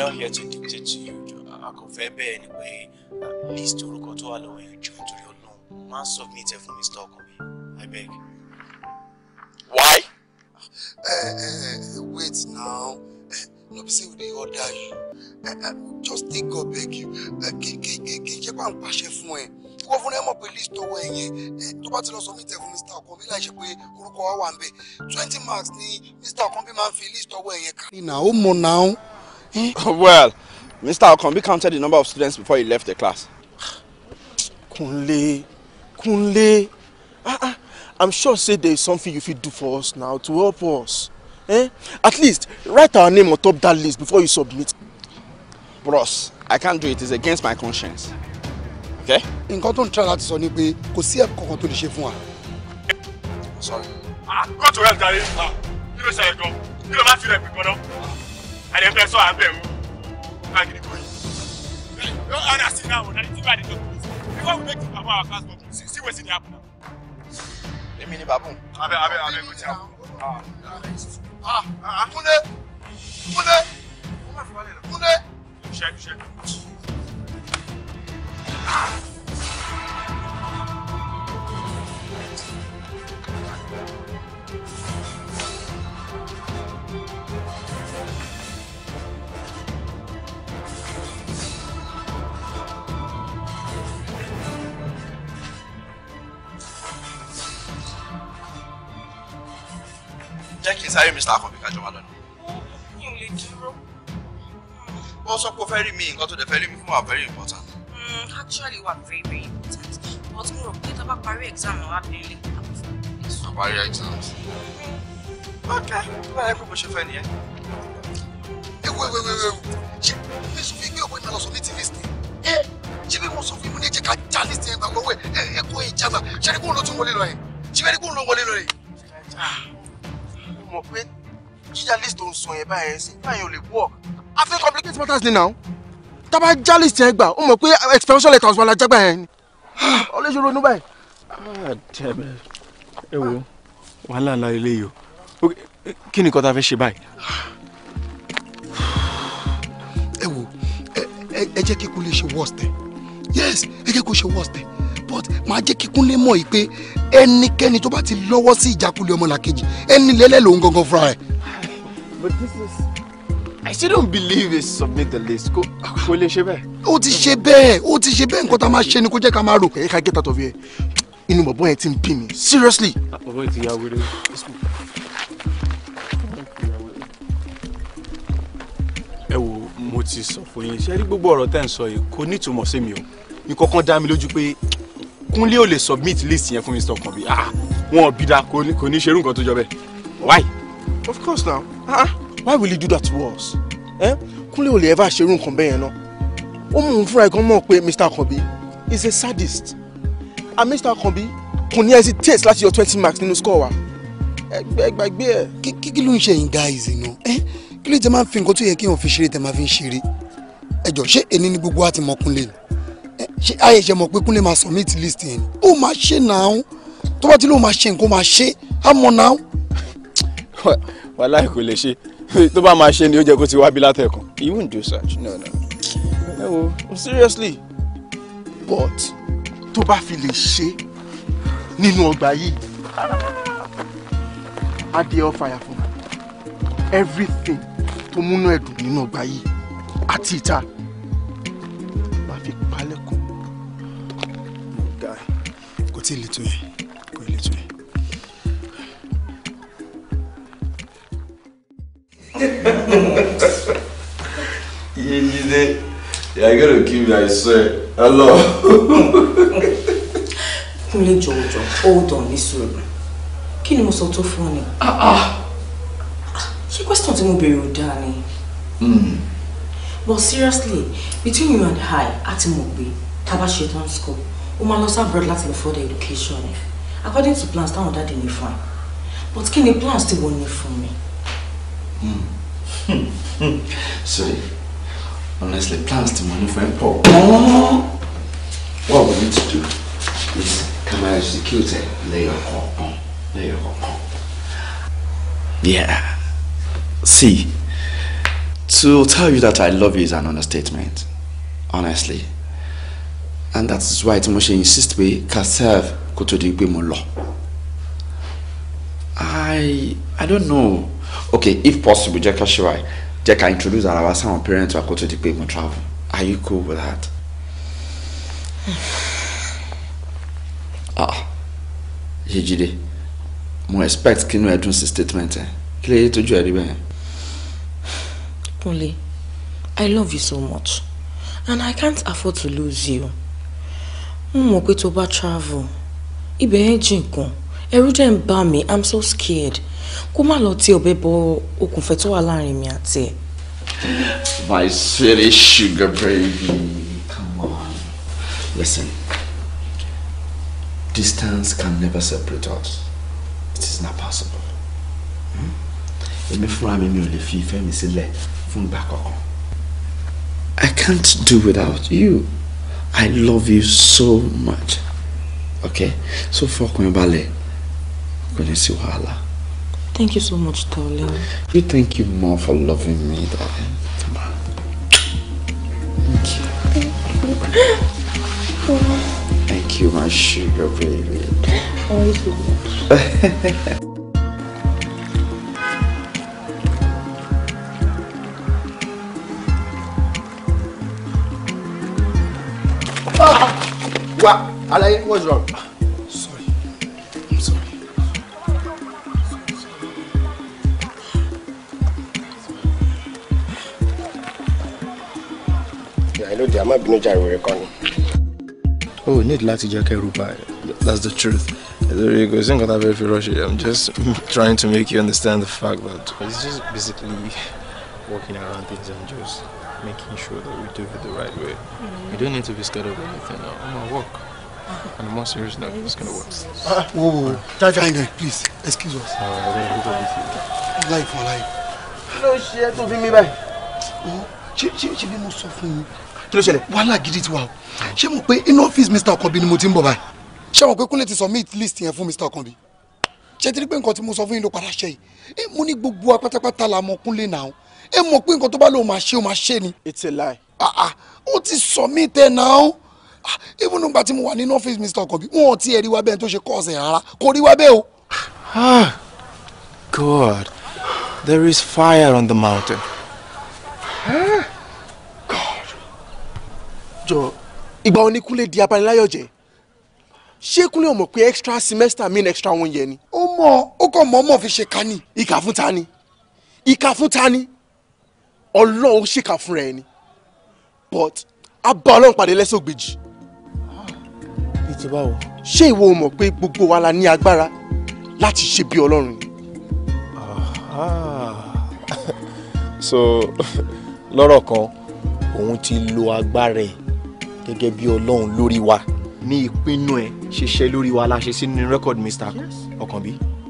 are not here to dictate to you àkànfẹ́ bẹ́ẹ̀ ni pé list orúkọ tó wà lọ́wọ́ yẹn jù nítorí ọlọ́run má submit ẹ fún mr ọkọ mi i beg. why. Uh, wait now no be say we dey order you uh, uh, just take God beg you kì í ṣe bá ń pàṣẹ fún ẹ wọ́n fún ẹ mọ̀ pé list ọwọ́ ẹ yẹn tó bá ti lọ submit ẹ fún mr ọkọ̀ọ́bí láì ṣe pé orúkọ wa wà ń bẹ̀ twenty marks ni mr ọkọ̀ọ́bí máa ń fi list ọwọ́ ẹ yẹn kà. ìnáwó mọ̀ náà. well mr okonbi counted the number of students before he left the class. kunle kunle ah ah i'm sure say there is something you fit do for us now to help us eh at least write our name on top that list before you submit. bros i can't do it it's against my conscience. okay. nǹkan tó ń try láti sọ ni pé kò sí ẹ̀kọ́ kankan tó lè ṣe fún wa. sorry. ah go to hell jare ah kí ló ṣe é gan kí ló máa fi rẹ̀ pípọ́n náà àdẹ́fẹ́ sọ abẹ́ mu agiri kò yìí no other thing na the thing wey i dey talk be say before we make the baba our class bubble see see wetin dey happen now. èmi ni babu. abẹ abẹ abẹ kò tí a kú. kúndé kúndé kúndé. ṣẹ́jú jẹ́ kí n sáré Mr. Akànbí kájọ wa lọ́nà. mi ò lè dúró. wọ́n sọ pé o fẹ́ rí mi nǹkan tó dẹ̀ fẹ́ rí mi fún wa very important. Mm, actually wa very very important but mo rò pé tá a bá parí exam náà wá bẹ̀rẹ̀ lè parí exam. ok báyìí kò bó ṣe fẹ́ nìyẹn. ewu ewu ewu ewu ṣé bí sọ fún mi ọ̀pọ̀ ìmọ̀lá sọ ní tv state ẹ ṣé bí mo sọ fún mi ní ẹ̀jẹ̀ ká já list yẹn gbàgbọ́ ẹ̀ ẹ̀ kó ìjà gbà ṣẹ́ni kó ń lọ tún wọlé lọ yẹn ṣẹ́ni kó ń lọ wọlé lọ yẹn. Ah mọ̀ pé jíjà list tó ń sọ yẹn báyẹn sí báyẹn ò lè work. a fi complicate matters ni now tábà já list yẹn gbà ó mọ̀ pé expansion letters wà lájágbá yẹn ni ọlẹ́sẹ̀ ronú báyìí. Ah, ẹ wo wàhálà ńlá eléyìí o kí ni nǹkan tá a fẹ́ ṣe báyìí. ẹ wo ẹ jẹ́ kí kú ṣe worst ẹ yes ẹ jẹ́ kó ṣe worst ẹ but màá jẹ́ kí Kúnlé mọ̀ yìí pé ẹnikẹ́ni tó bá ti lọ́wọ́ sí ìjákulẹ̀ ọmọlàkejì ẹni lẹ́lẹ́ lòun gangan fúnra ẹ̀. but this is I still don't believe he submit the list kò kò lè ṣe bẹ́ẹ̀. ó ti ṣe bẹ́ẹ̀ ó ti ṣe bẹ́ẹ̀ nǹkan tá a máa ṣe ni kò jẹ́ ká máa rò. ẹ̀ka get out of here inú bọ̀bọ̀ yẹn ti ń bí mi seriously. bọ̀bọ̀ yẹn ti yà wéré. ẹ wo mo ti sọ fún yín ṣe é rí gbogbo ọ̀rọ̀ tẹ́ ń sọ yìí kò ní ìtumọ̀ sí mi o nǹkan kan dá mi lójú pé kúnlé ò lè submit list yẹn fún mr kanbi ah wọn ò bí da kò ní ṣerú nǹkan tó jọ bẹ́ẹ̀ why. of course now Ah, ah. why will he do that to us eh? kúnlé ò lè ever ṣerú nǹkan bẹ́ẹ̀ yẹn náà ó mú un fúnra ẹ̀ gan mọ̀ pé mr kanbi is a sadist and mr kanbi kò ní hesitate láti yọ twenty marks nínú score wa ẹgbẹ́ gbàgbé ẹ̀. kí kí ló ń ṣe yín guys inú ẹ eh? kí ló jẹ́ máa ń fi nǹkan tó yẹ kí èèyàn fi ṣeré tẹ́ máa fi ń ṣeré ẹ jọ ṣé èní ni gbogbo wa ti mọ kúnlé ni ṣe àyẹ̀ṣẹ̀ mọ̀ pé kúnlẹ̀ máa submit list yẹn ni ó máa ṣe náà tó bá ti lóun máa ṣe nǹkan máa ṣe á mọ̀ náà. wàláì kò lè ṣe tó bá máa ṣe ni ó jẹ́ kó ti wá bí látẹ̀kùn he won't do such no no ẹ wo seriously. but tó bá fi lè ṣe nínú ọgbà yìí á di ọ fàyà everything tó múnú ẹ̀dùn nínú ọgbà yìí àti ìta. tí ì le tó yẹn kò ì le tó yẹn. Yéjídé, you are gonna kill me, I swear. Hello. Kúnlé jọ̀wọ́jọ̀, hold on ní sùúrù. Kí ni mo sọ tó fún ọ ni? Ah, ah. Ṣé question tí mo béèrè ò dáa ni? Hmm. But seriously, between you and I, a ti mọ̀ pé tá a bá ṣe tán school ó máa lọ sí abroad láti lọ education according to plans that order didn't fún but can the plans tí wọ́n ní me? Hmm. hmm. sorry honestly plans tí mo ní fún ẹ pọ̀ gan what we need to do is come máa execute lẹ́yọ̀ kọ̀ọ̀kan lẹ́yọ̀ kọ̀ọ̀kan. yeah see to tell you that I love you is an understatement honestly and that is why tí mo ṣe insist pé ká serve kó tó di pé mo lọ i i don't know okay if possible jẹ́ ká ṣe wáyé jẹ́ ká introduce ara wa sáwọn parents wa kó tó di pé mo travel are you cool with that. ah Yéjídé mo expect kí inú ẹ dùn sí statement ẹ kí lè tójú ẹ rí bẹ́ẹ̀. Kunle, I love you so much and I can't afford to lose you mo mọ̀ pé tó travel ibẹ̀ yẹn jìn kan ẹ̀rù dẹ̀ ń bà i'm so scared kó má lọ ti ọ̀bẹ bọ okùnfẹ́ tó wà láàrin mi àti my silly sugar baby come on listen distance can never separate us it is not possible hmm? èmi fúnra mi mi ò lè fi ìfẹ́ mi sílẹ̀ fún ìgbà kankan i can't do without you. I love you so much. Ok? So foco em balé. Conheci o Hala. Thank you so much, darling. You thank you more for loving me, darling. Come on. Thank you. Thank you, thank you my sugar baby. Always oh, so wá alaye what's wrong. sorry i'm sorry. ìyá ló dé a that's the truth. There you go. It's not that very rushy. I'm just trying to make you understand the fact that it's just basically walking around things and just making sure that we do it the right way. Mm. We don't need to be scared of anything now. I'm gonna work. Ah. And the more serious note, it's gonna work. Uh, whoa, whoa, whoa. Jaja, Kindly, please, excuse us. Alright, I'm with you. Life for life. Kí she ṣe tó fi mí báyìí? Oh, ṣé she, she, bí mo sọ fún yín? Kí ló ṣẹlẹ̀? Wàhálà gidi ti wà o. Ṣé mo pé inú ọ́fíìsì Mr. Okanbi ni mo ti ń bọ̀ báyìí? Ṣé mo pé Kúnlé ti submit list yẹn fún Mr. Okanbi? Ṣé ti rí pé nǹkan tí mo sọ fún yín ló padà ṣe yìí? Mo ní gbogbo apátápátá la mọ Kúnlé náà ẹ mọ̀ pé nǹkan tó bá lóun máa ṣe ó máa ṣe ni. it's a lie. Ah, ah ó ti sọ mí tẹ̀ náà even nígbà tí mo wà nínú ọ́fíìsì Mr. Okobi wọn ò tí ẹ rí wa bẹ́ẹ̀ tó ṣe kọ́ ọ̀sẹ̀ rárá kò rí wa bẹ́ẹ̀ o. ah God there is fire on the mountain. Ah, God jọ ìgbà wo ni Kúnlé di abaniláyọ̀ jẹ́ ṣé Kúnlé ò mọ̀ pé extra semester mean extra one year ni. ó mọ̀ ó kàn mọ̀ ọmọ fi ṣe ká ní. ìkà fún ta ni ìkà fún ta ni ọlọ́run ṣèkà fúnra ẹni but a bá ọlọ́run pàdé lẹ́sẹ̀ ògbèjì. bíi ti báwo. ṣé ìwọ mọ̀ pé gbogbo wa la ní agbára láti ṣe bí ọlọ́run ni. so lọ́rọ̀ kan òun ti lo agbára ẹ̀ gẹ́gẹ́ bí ọlọ́run lórí wa ní ìpinnu ẹ̀ ṣiṣẹ́ lórí wa la ṣe sínú rẹ́kọ̀dì Mr. Ọkànbí. Yes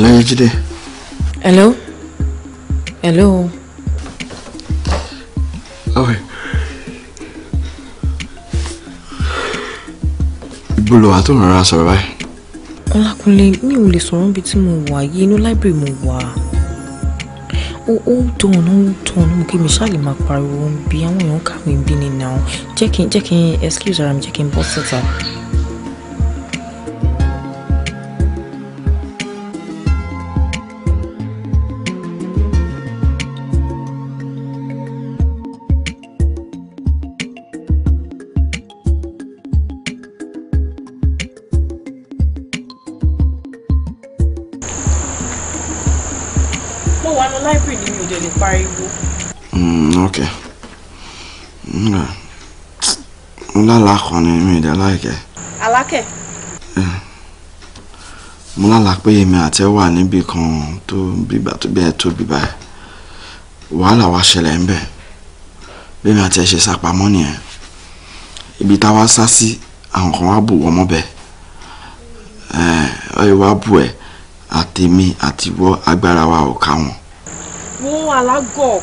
Hello, Ejide. Hello. Hello. Okay. Bolo wa tó ń rọra sọ̀rọ̀ báyìí. Ọlákùnlé mi ò lè sọ̀rọ̀ níbi tí mo wà yìí inú láìbírì mo wà. Ó ó dùn ó dùn mo kí mi ṣáàlì máa pariwo bí àwọn èèyàn kàwé bí ni náà. Jẹ́ kí n jẹ́ kí n excuse ara mi jẹ́ kí n bọ́ síta. aláìkẹ́. alákẹ́. mo lálàá pé èmi àti ẹ wà níbì kan tó bíbà tó bẹ́ẹ̀ tó bíbà ẹ̀ wàhálà wa ṣẹlẹ̀ ń bẹ̀ bẹ́ẹ̀ni àti ẹ ṣe sápamọ́ nìyẹn ibi táwa sá sí àwọn kan wá bù wọ́n mọ́ bẹ́ẹ̀ ẹ wá bù ẹ àtèmi àtiwọ agbára wa ò ká wọn. wọ́n alágọ̀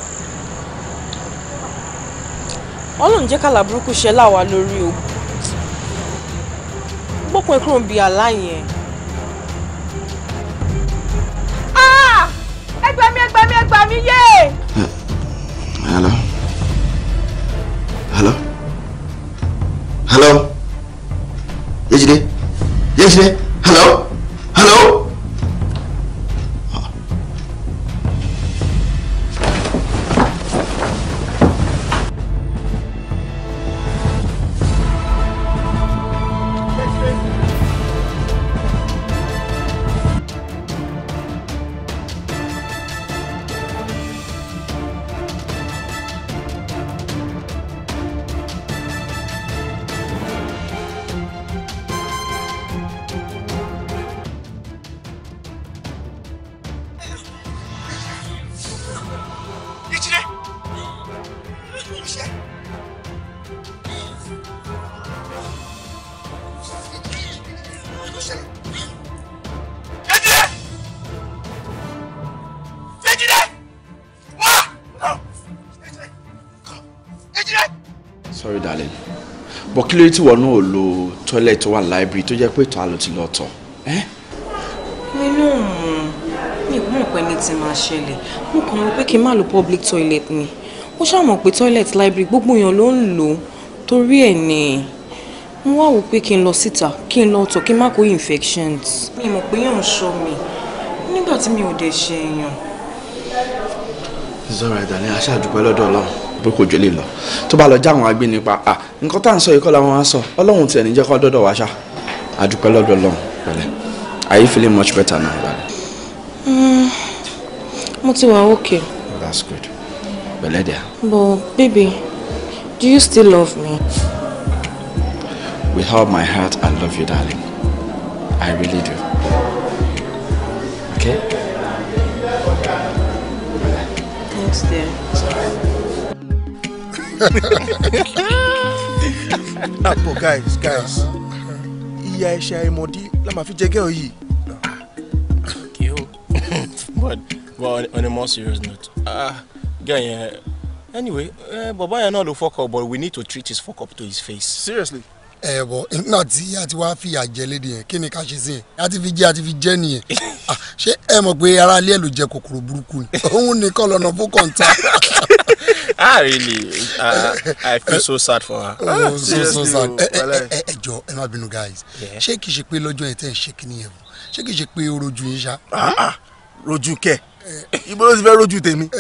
ọlọ́run jẹ́ kálá burúkú ṣẹlá wa lórí o gbókun ẹ kúrò ń bi àlá yẹn. Ah! ẹ gbà mí yé. hello hello hello Yéjídé Yéjídé. bọ́ kí ló tí wọ́n náà lo toilet tó wà láìbírì tó jẹ́ pé ìtọ́ àlọ́ ti lọ tọ̀ ẹ́. nínú mi mọ̀ pé ní ti máa ṣẹlẹ̀ mo kàn rò pé kí n má lo public toilet ni ó ṣàmọ̀ pé toilet library gbogbo èèyàn ló ń lò ó torí ẹ̀ ni mo wá wò pé kí n lọ síta kí n lọ tọ̀ kí n má kó infections. mi mọ̀ pé yóò ń ṣọ́ mi nígbà tí mi ò dẹ̀ ṣe èèyàn. it's alright aṣáájú pẹ́ lọ́dọ̀ ọlọ́run pé kò jọ lè lọ tó bá lọ já àwọn agbẹnipa à nǹkan tá à ń sọ yìí kọ́ làwọn á sọ ọlọ́run tiẹ̀ ní jẹ́ dọ́dọ̀ wá àdúpẹ́ lọ́dọ̀ lọ́hùn pẹ̀lẹ́ are you feeling much better now dad. Mm, mo ti wà okay. that's good pẹ̀lẹ́ díẹ̀. but baby do you still love me. with all my heart i love you darling i really do okay. Thanks, dear. Sorry guys guys ìyá ẹ̀ṣẹ̀ àìmọ̀dí la máa fi jẹ gẹ́ọ̀ yìí. kí o but but on a more serious note ah gẹ́ọ̀ yẹn anyway eh, bàbá yẹn náà ló fọkọ̀ but we need to treat his fọkọ̀ to his face. seriously ẹ̀wọ̀ nígbà tí a ti wá fìyà jẹ lédi yẹn kí ni ká ṣe sí yẹn a ti fi jẹ a ti fi jẹ nìyẹn ṣé ẹ mọ̀ pé ara ilé ẹ̀ ló jẹ kòkòrò burúkú ni òun nìkan lọ́nà fún kọ̀ǹta. ah really uh, i feel so sad for her. oh so so sad oh, ẹ ẹ jọ ẹ má bínú guys ṣé kìí ṣe pé lọ́jọ́ yẹn tẹ̀ ń ṣe kí nìyẹn o ṣé kìí ṣe pé o rojú yín ṣá. Ah, rojú kẹ eh. ibo ló ti fẹ́ rojú tèmi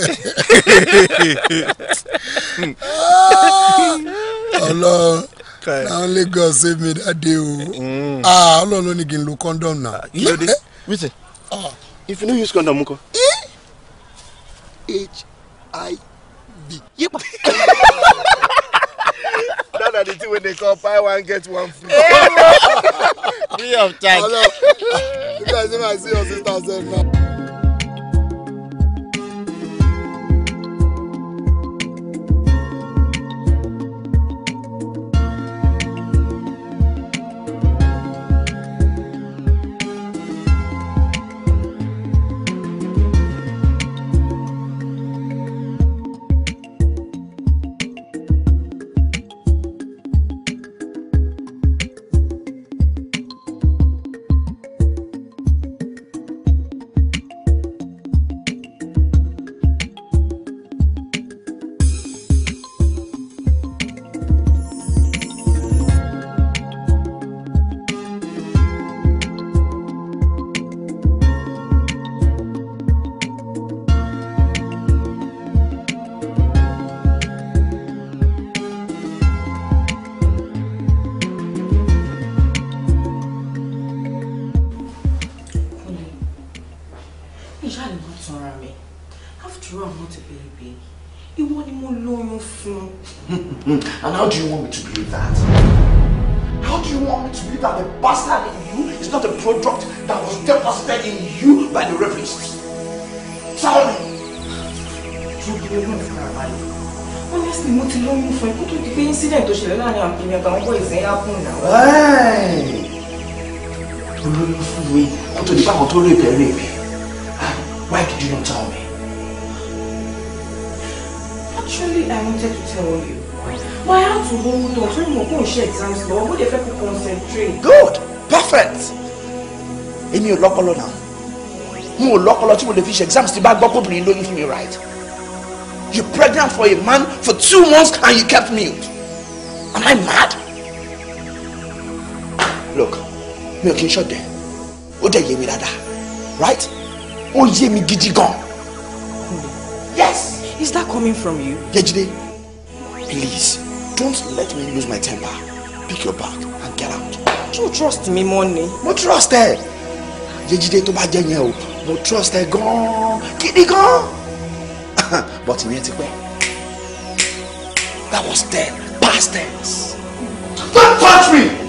ọlọ́run na eh. eh, oh. mm. ah, only god save me mi day o ah Ọlọ́run ló ní kí n lo condom na. kílódé wíṣẹ if you no use condom ńkọ́. hiv. yípa. that na the thing wey dey call buy one get one free. free of charge. you guys dey see your sister sef how do you want me to believe that? How do you want me to believe that the bastard in you is not a product that was deposited in you by the rapists? Tell me! Truly, you know if honestly mo ti lóyún fún ẹ kó tó di pé incident tó ṣẹlẹ̀ láàrin àwọn kìnìún àtàwọn bọ́ ìsẹ́yìn ápùn náà. mo lóyún fún ah, why did you not tell me. actually i wanted to tell you I have to hold on torí mo kò ń ṣe exams lọ mo lè fẹ́ kó concentrate. good perfect èmi your local now. mo ò lọ́pọlọ tí mo lè fi ṣe exams tí bá gbọ́ kó bìnrin lóyún fún mi right you pregnant for a man for two months and you kept mute am i mad look mi ò kí n ṣọ̀dẹ̀ ó dẹ̀ yé mi dáadáa right ó yé mi gidi gan yes. is that coming from you. yejide please Don't let me lose my temper. Pick your bag and get out. You trust me, money. No trust ẹ. Yejide tó bá jẹ yẹn o, No trust ẹ Gone. an gidi gan But ìyẹn ti pẹ́. That was then, past tense. Don't touch me!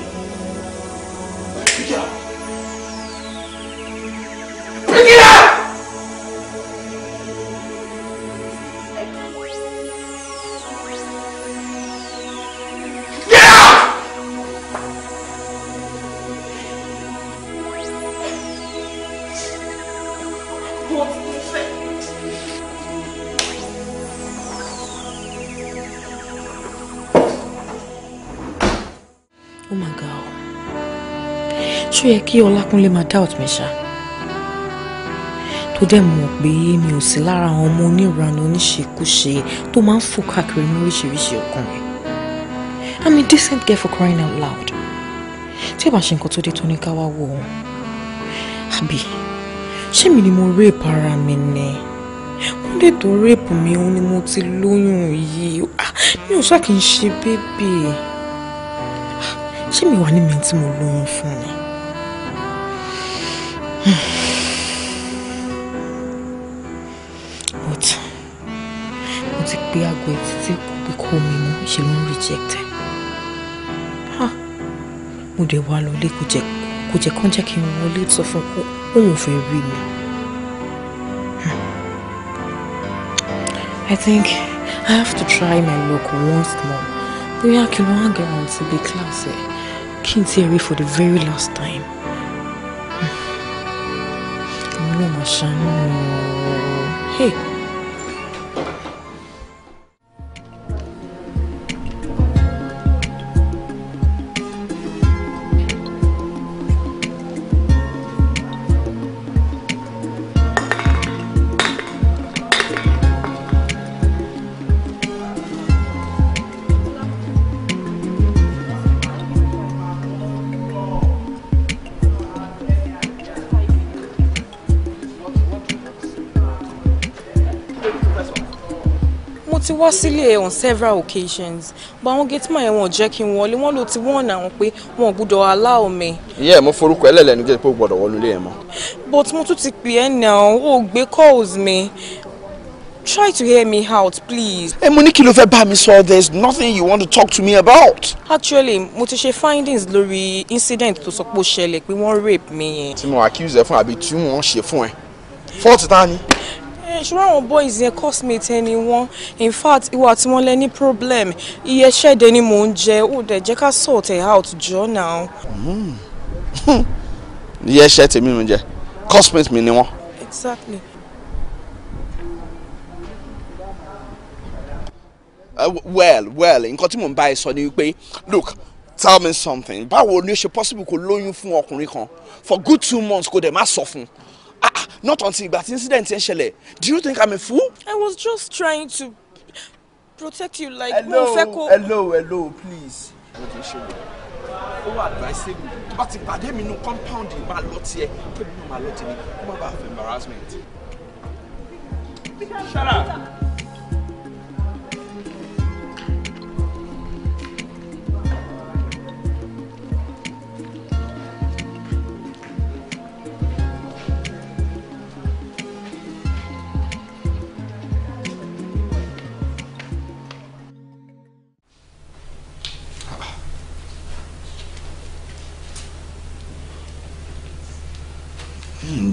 ṣó yẹ kí Ọlákúnlé máa doubt mi ṣá tó dẹ̀ mọ̀ pé mi ò sí lára àwọn ọmọ oníranú oníṣekúṣe tó máa ń fò káàkiri ní oríṣiríṣi ọkùnrin I'm a decent girl for crying out loud tí ẹ bá ṣe nǹkan tó dé tó ní ká wá wò ó àbí ṣé mi ni mo rape ara mi ni wọ́n lè tó rape mi òun ni mo ti lóyún yìí mi ò ṣáà kì í ṣe bébì ṣé mi wà ní mi tí mo lóyún fún ni. ti pé aago etí tí kò pé kó mi mú ṣe ló ń reject mo dé wá lọlé kò jẹ kò jẹ kán jẹ kí n wọlé sọ fún kó òun fẹ́ rí mi hmm. I think I have to try my luck once more bóyá kí ló hàn gẹ̀rọ àti bíi kíláàsì kí n ti rí for the very last time hmm. Hey. wá sílé on several occasions but àwọn gateman yẹn wọn ò jẹ́ kí n wọlé wọ́n ló ti wọ́n àwọn pé wọn ò gbúdọ̀ allow me. iye mo forúkọ ẹlẹ́lẹ̀ ní jẹ́ pé o gbọ́dọ̀ wọlé ilé yẹn mọ́. but mo tún ti pè ẹ́ náà o gbé calls mi try to hear me out please. ẹ mo ní kí ló fẹ́ bá mi sọ there is nothing you want to talk to me about. actually mo ti ṣe findings lórí incident tó sọ pé ó ṣẹlẹ̀ pé wọ́n rape mi yẹn. tí mo accuse ẹ fún àbí tí wọ́n ṣe fún ẹ fọ́ọ̀tì ta ni ṣùgbọ́n àwọn boys yẹn cosmate ẹni wọn in fact ìwà tí wọ́n lẹ ní problem iye ṣẹ́dẹ̀ ni mò ń jẹ ó dẹ̀ jẹ́ ká sort it out jọ náà. Hmm. iye ṣẹ́ tèmi mi jẹ cosmate mi ni wọ́n. exactly. Uh, well well nǹkan tí mò ń bá ẹ sọ ni wípé look tell me something báwo ni ó ṣe possible kó lóyún fún ọkùnrin kan for good two months kó dẹ̀ má sọ fún un not until ìgbà tí incident ń do you think i'm a fool. i was just trying to protect you like mo fẹ́ kó. hello hello please. mo ti ṣe wò ó wà advisable tó bá ti pàdé mi nu compound yìí máa lọ tiẹ̀ kébì náà máa lọ tèmi kó má bàa fẹ́ embarrassment. shut up.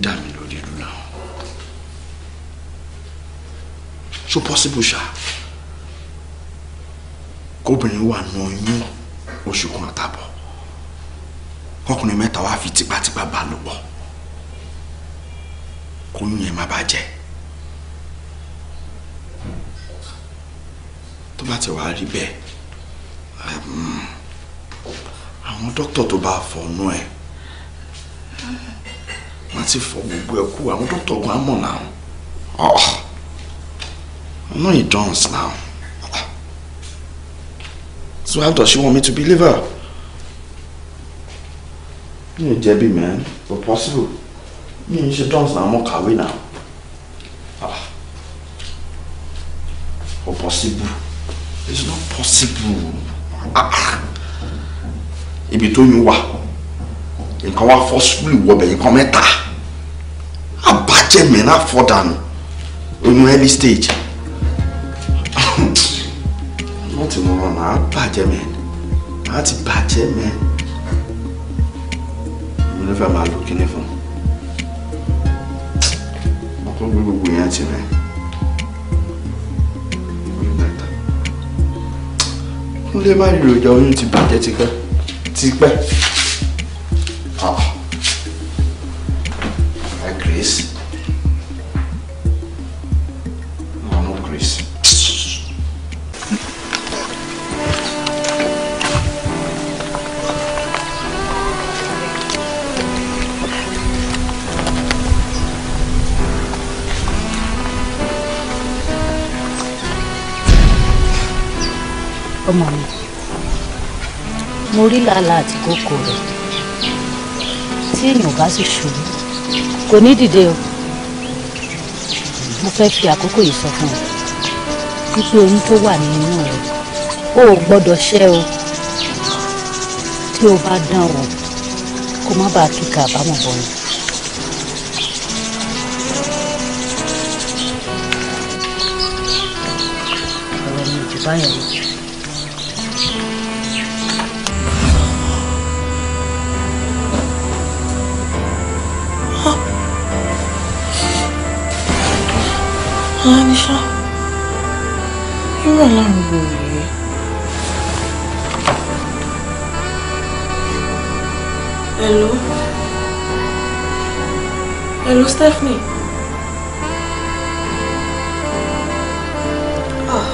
dà mí lórí ìlú náà so possible ṣá kóbìnrin wà nù oyún oṣù kan àtàbọ̀ kọkùnrin mẹ́ta wá fi tipátipá bá lò pọ̀ kóyún yẹn má bàjẹ́ tó bá ti wá rí bẹ́ẹ̀ hmm, àwọn dókítà tó bá fọ̀ọ́nú ẹ̀ má ti fọ gbogbo ẹ kú àwọn dókítà ogun á mọ̀ náà oh I know he dance now so how does she want me to believe her mi ò jẹ̀bi man but possible mi ò ṣe dance náà mo kàwé náà ah possible it's not possible ah ibi tó yún wa nǹkan wá forcefully wọbẹ̀ nǹkan mẹ́ta jẹ̀mí náà fọ̀dànù in early stage wọ́n ti mọ̀ ọ́nà á bàjẹ́ mẹ́ á ti bàjẹ́ mẹ́ mo ní fẹ́ máa lo kíní fún mo kọ́ gbé gbogbo yẹn ti mẹ́. kúnlé má rí èròjà oyún ti bàjẹ́ tipẹ́ tipẹ́. Ah. Chris. ọmọ mi mo rí làálà àti kókó rẹ̀ tí èèyàn bá sì ṣubú kò ní dìde o mo fẹ́ fi àkókò yìí sọ fún ọ wípé oyún tó wà nínú rẹ̀ o ò gbọ́dọ̀ ṣẹ́ o tí o bá dán o kó má bàa kíkà àbámọ̀ bọ̀ ni. báyọ̀ lọ. Lanisha, irú aláàrúgbó rèé. Hello? Hello, Stephanie? Ah.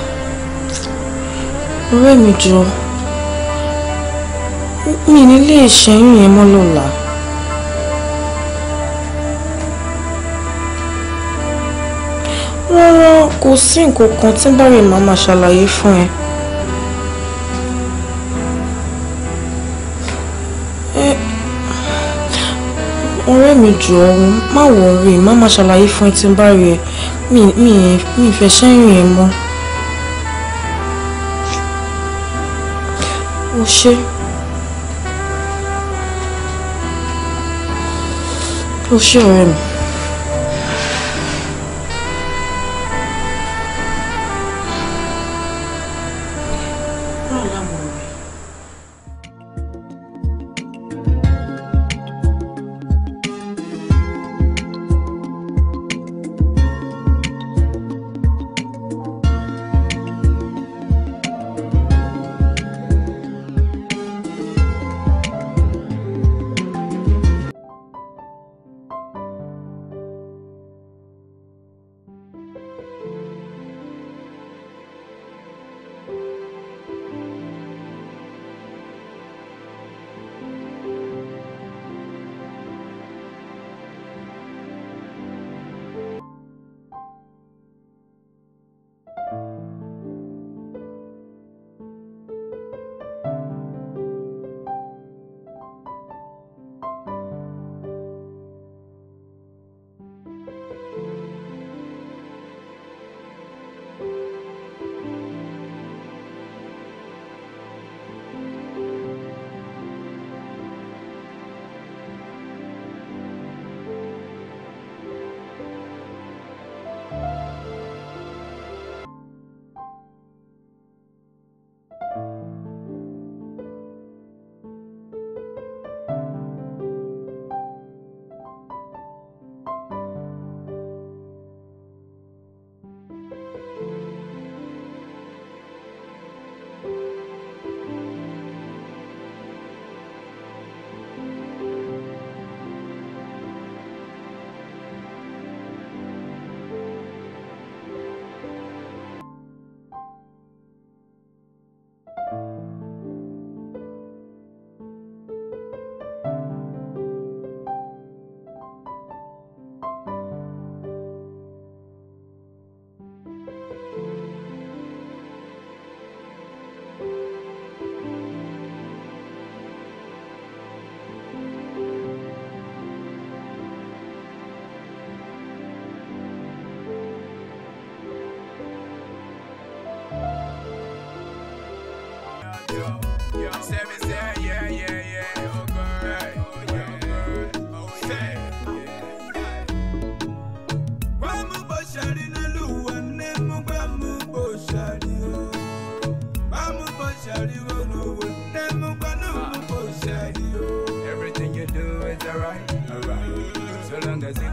Ọ̀rẹ́ mi jọ, mi ní lè ṣẹ́yìn yẹn mọ́ lọ́la. rárá kò sí nǹkan kan tí bá rìn máa ṣàlàyé fún ẹ. ọ̀rẹ́ mi jù ọ̀hún má wọ̀ rí má má ṣàlàyé fún ẹ tí bá rí ẹ mi ìfẹ́ sẹ́yìn ẹ mọ́. o ṣe. o ṣe ọ̀rẹ́ mi.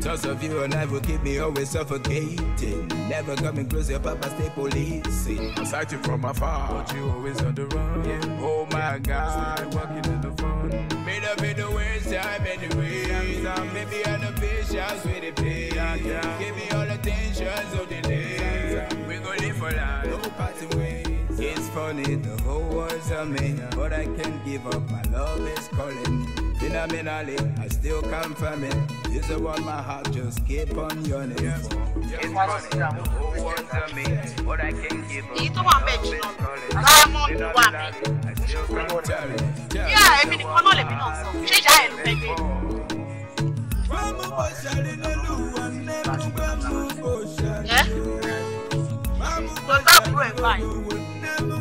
Toss of you and I will keep me always suffocating. Never coming close, your papa stay policing. I sight you from afar, but you always on the run. Yeah. Oh my God, Still walking in the fun. Made up in the worst time anyway. Maybe I'm the patience with the pain. Give me all attention, so delay. We gon' live for life, no parting ways. It's funny, the whole world's a me, but I can't give up. My love is calling. Phenomenally, I still come from it. This is what my heart just keep on yearning yes. for. It's oh, I can give up. Èyí tó wà mẹ́ jù náà, diamond wà mí. Yíyá èmi nìkan náà lèmi náà sọ, ṣé ìyá ẹ̀ ló fẹ́ gbé? Fámú bó ṣe rí lólú wọn lẹ́kún,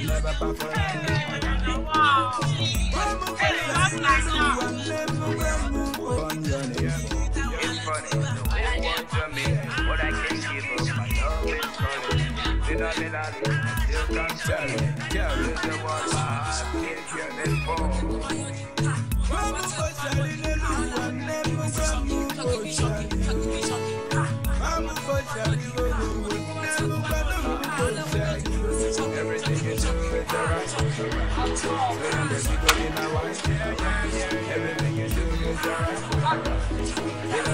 never I can give up, I let out I still can't tell it. Yeah, this is what my heart can't for.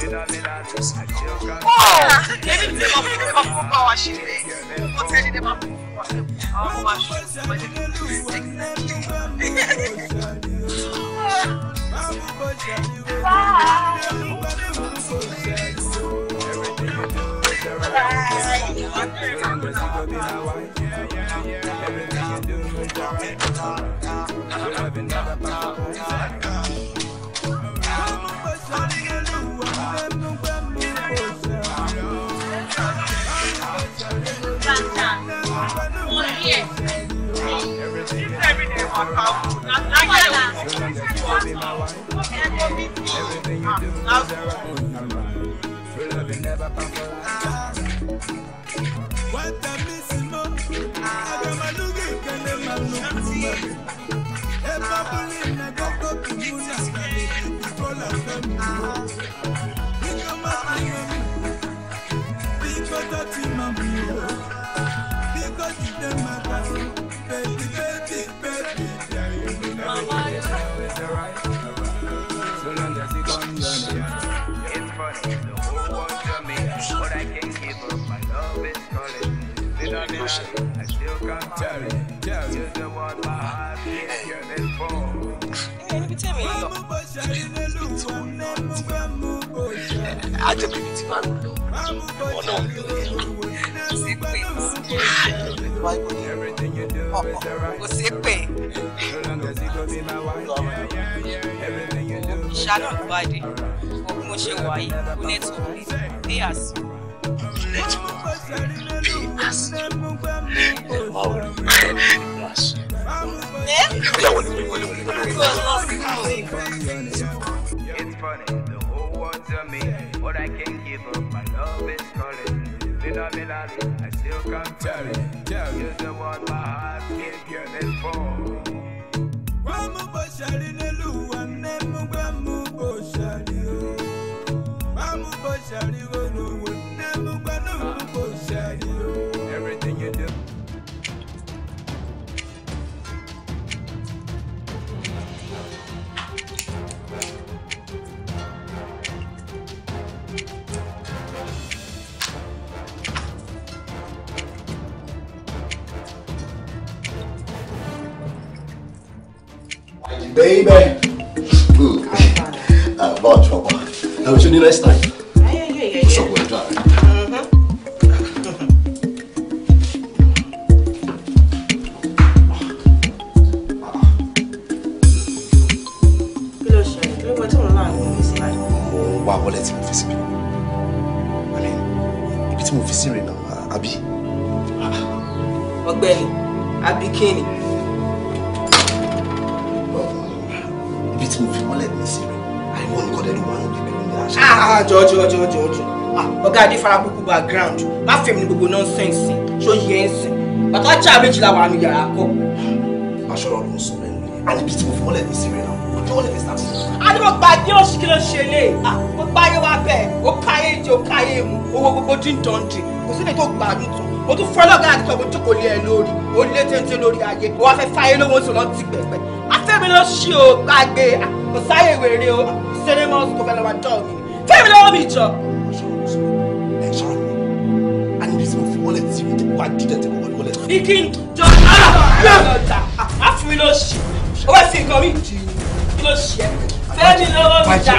èmi tí mo fi kọ́ fún bá wa ṣe rẹ̀ mo tẹ́ ní dẹ́gbà fún wa àwọn wa ṣe ìpàdé Bye. Bye. Bye. Everything you do is alright. Never pop The whole world to me, but My love is calling. Sit I still can't tell it. the one my heart is yearning for. mo ṣe It's funny, the whole world's to me, but I can't give up. My love is calling. I You're the one my heart for. baby. Good. I about trouble. I will see you next time. Yeah, yeah, yeah, yeah. So well done. wa wọlé tí mo fi síbi i mean ibi tí mo fi sí rè náà àbí. ọ̀gbẹ́ni àbí kíni. lẹ́nu mi sí rẹ̀ àìmọ́ nìkan tẹ́lú wà nínú ìbẹ̀rù ní àṣà. àjọ ọjọ ọjọ ọjọ ọjọ ọ̀gá adé fara gbogbo background má fèmí ní gbogbo nọ́ńsẹ̀nsì ṣó yẹ ẹ́ sìn bàtà ajá méjìlá wà nù yàrá kọ́. aṣọ ọ̀rọ̀ ló ń sọ lẹ́nu àníbi tí mo fi mọ́lẹ̀ mi sí rẹ̀ náà ojú wọn lè fi sàtúnṣe. adúlọ̀ gba dé oṣù kí ló ṣe lé ó báyé wá bẹ́ẹ̀ ó káyé jẹ ó káyé mu owó gbogbo díndọ̀ndì kò sí ní tó gbádùn tó mo tún fọ́ lọ́gàá àti pẹ̀lú jókòó lé ẹ lórí ó lé téńté lórí ayé ó wá fẹ́ fáyé lówó sọ̀rọ̀ ti gbẹ̀gbẹ̀ afẹ́mi ló ṣí o gbàgbé ah, kò sáyè wèrè o cinemas kò fẹ́ lọ́wọ́ àjọ mi fẹ́mi lọ́wọ́ mi jọ. ẹ ṣọ́ra mi ah! a ní bísí mo fi wọlé tí mi wá dídẹ̀ tẹ̀ wọlé wọlé. ike jọ ara lọ ta àfi mi ló ṣe o nǹkan mi jì mi ló ṣe fẹ́mi lọ́wọ́ mi jà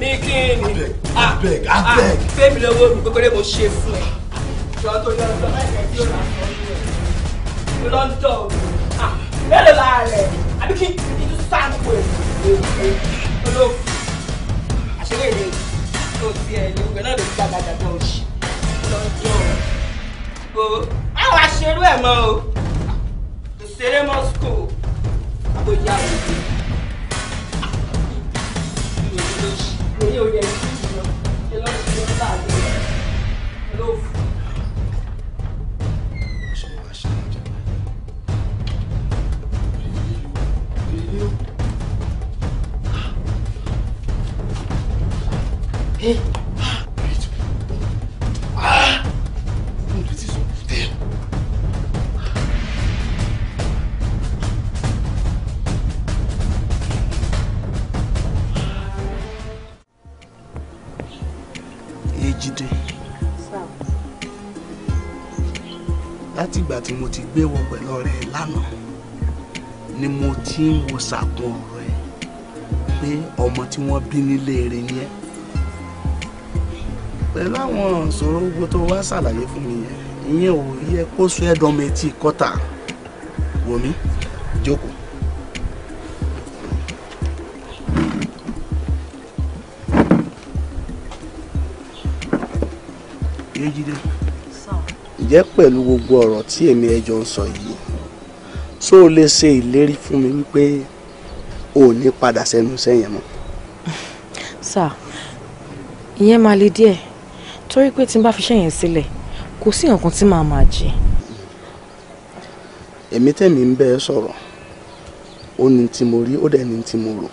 mi kí ni ah, ah, fẹ́mi lọ́wọ́ mi kékeré mo ṣe fún ẹ jọ tó yọ láì fẹ́ bí ó rà lọ́ńdọ̀ mélòó la rẹ̀ olóòkú àṣírí èrè tó ti ẹ̀ ní ìwé náà ló gbàgbà dàgbà òṣì lọ́jọ́ o àwọn aṣerú ẹ̀ mọ́ o ìṣeré mọ́síkò àbójá òde tí mo ti gbé wọ pẹ̀lú ọ̀rẹ́ ẹ lánàá ni mo ti ń wo sàkún ọ̀rọ̀ ẹ pé ọmọ tí wọ́n bí nílé rẹ ni ẹ pẹ̀lú àwọn ìṣòro gbogbo tó wá ṣàlàyé fún mi yẹn ìyẹn ò yẹ kó sọ ẹ̀dọ́mọ etí kọ́tà wò mí jókòó. Ejide. Yeah, ǹjẹ́ pẹ̀lú gbogbo ọ̀rọ̀ tí èmi ẹjọ́ ń sọ yìí ṣó o lè ṣe ìlérí fún mi wípé o ò ní padà sẹ́nu sẹ́yìn mọ́. sà ìyẹn máa le díẹ̀ torí pé tí n bá fi ṣẹ́yìn sílẹ̀ kò sí nǹkan tí màá máa jẹ. èmi tẹ̀mí ń bẹ́ẹ̀ sọ̀rọ̀ ó ní tí mo rí ó dẹ̀ ní tí mo rò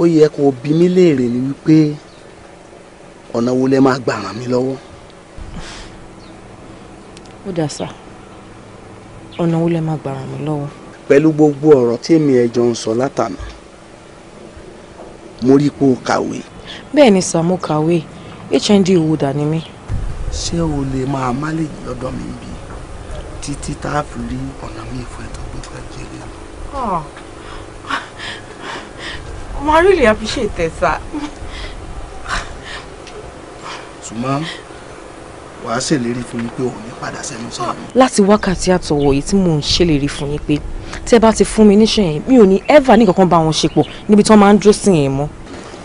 ó yẹ kó o bí mi léèrè ni wípé ọ̀nà wo lẹ máa gbà ràn lọ́wọ́. ó dà sá ọ̀nà wo lẹ máa gbà ràn mí gbogbo ọ̀rọ̀ tí èmi ẹ̀ jọ ń sọ látàná mo rí i pé o kàwé. bẹ́ẹ̀ ni mo kàwé HND ni mi. ṣé o lè máa málèjì lọ́dọ̀ mi bí títí tá a fi rí ọ̀nà mi fún ẹ̀tọ́ gbé fún lọ. I really wàá ṣèlérí fún mi pé òun ní padà sẹ́nu ah, sẹ́nu. láti wákàtí àtọ̀wọ̀ yìí tí mò ń ṣèlérí fún yín pé tẹ́ bá ti fún mi níṣẹ́ yẹn mi ò ní ever ní kankan bá wọn ṣe pọ̀ níbi tí wọ́n máa ń dúró sí yẹn mọ́.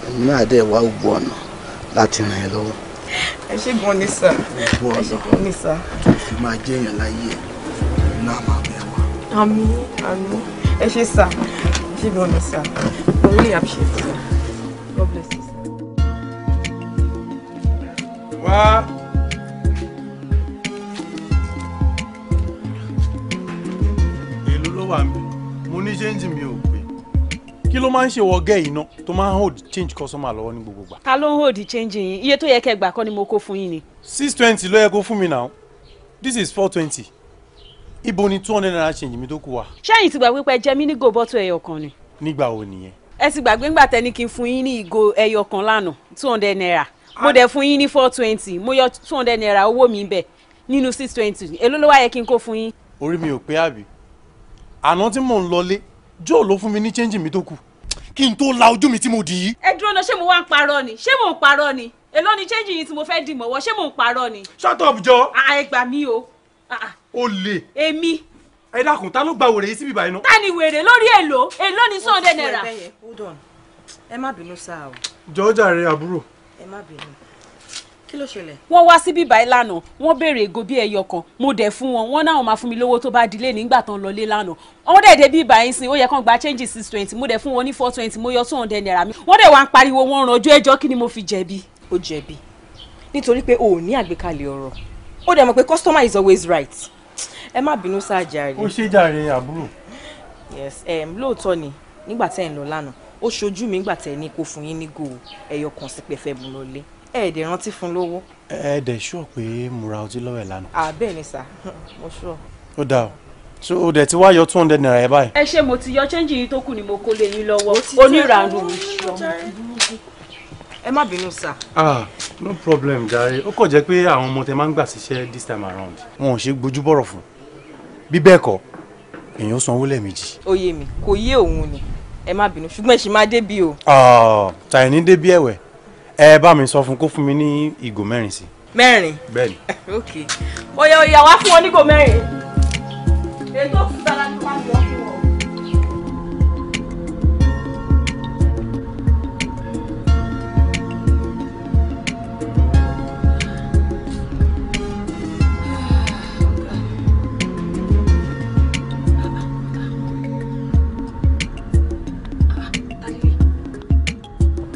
èmi náà dẹ̀ wá ògbó ọ̀nà láti ràn ẹ́ lọ́wọ́. ẹ ṣe gan ni sà ẹ ṣe gan ni sà. kí máa jẹ́ èèyàn láyé ẹ̀ náà máa bẹ̀ wá. àmín àmín ẹ ṣe sà ẹ ṣe gan ni sà ló wà ń bẹ mo ní ṣéǹjì mi ò pé kí ló máa ń ṣe wọgẹ́ iná tó máa ń hold change customer lọ́wọ́ ní gbogbo gbà. ta ló ń hold change yín iye tó yẹ kẹ́ gbà kọ́ ni mo kó fún yín ni. six twenty ló yẹ kó fún mi náà this is four twenty ibo ni two hundred naira change mi tó kù wa. ṣẹ́yìn ti gbà pípẹ́ jẹ́ mí ní go bọ́tù ẹyọ kan ni. nígbà wo nìyẹn. ẹ ti gbàgbé ńgbà tẹ́ni kí n fún yín ní ìgò ẹyọ kan lánàá two hundred naira mo dẹ̀ fún yín ní four twenty mo yọ two hundred naira owó mi bẹ̀ nínú six twenty èló ló wá yẹ kí n kó fún yín. orí mi ò pé àbí àná tí mò ń lọlé joe ló fún mi ní chẹ́ńjì mi tó kù kí n tó la ojú mi tí mo dì í. ẹ dúró náà ṣé mo wá ń parọ́ ni ṣé mo ń parọ́ ni èló ni chẹ́ńjì yìí tí mo fẹ́ dì ṣé mo ń parọ́ ni. shut up jọ. ẹ gbà mí o. o lè. èmi. ẹ dákun ta ló gba wèrè yìí síbi ìbàyìí náà. ta ni wèrè lórí èlò èlò ni sọ̀ndẹ̀ náírà. ẹ má bínú sáà o. jọ̀ọ́ jàre àbúrò. ẹ má bínú kí ló ṣẹlẹ̀. wọ́n wá síbí báyìí lánàá wọ́n béèrè ègò bíi ẹyọ kan mo dẹ̀ fún wọn wọn náà máa fún mi lówó tó bá dilé nígbà tán lọlé lánàá wọ́n dẹ̀ dé bíi báyìí sin ó yẹ kán gba change six twenty mo dẹ̀ fún wọn ní four twenty mo yọ two hundred naira mi wọ́n dẹ̀ wá ń pariwo wọn rànjú ẹjọ́ kí ni mo fi jẹ̀bi. ó jẹ̀bi nítorí pé o ò ní àgbékalẹ̀ ọ̀rọ̀ ó dẹ̀ mọ̀ pé customer is always right ẹ má bínú sáà jàre. ó ṣe jàre yes um, lóòótọ́ ni nígbà tẹ́ ẹ̀ ń lọ lánàá ó ṣojú mi nígbà tẹ́ ẹ ní kó fún yín ní gòó ẹyọ kan sí pé mú lọ ẹ̀ẹ́dẹ̀ rántí fún lówó. ẹ̀ẹ́dẹ̀ ṣúọ̀ pé mo ra ọtí lọ́wọ́ ẹ̀ lánàá. àbẹ́ẹ̀ ah, ni sà mo ṣúọ̀. ó dáa o so o dẹ̀ ti wá yọ two hundred naira ẹ̀ báyìí. ẹ ṣe mo ti yọ chẹ́ǹjì yìí tó kù ni mo kó lé yín lọ́wọ́ oníranú ẹ má bínú sà. ah no problem jare ó kàn jẹ́ pé àwọn ọmọ tẹ máa ń gbà síṣẹ́ this time around. wọn ò ṣe gbójú bọ̀rọ̀ fún bí bẹ́ẹ̀ kọ́ èèyàn sanwó lẹ́ẹ̀mejì. ó yé mi kò yé òun ni ẹ má bínú ṣùgbọ́n ẹ ṣì máa débi o. Ah, tàyẹ̀ ní débi ẹ̀wẹ̀ ẹ bá mi sọ fún kó fún mi ní ìgò mẹ́rin sí. mẹ́rin bẹ́ẹ̀ni. ok oya oya wá fún ọ nígò mẹ́rin ètò òkúta láti wá lọ fún ọ.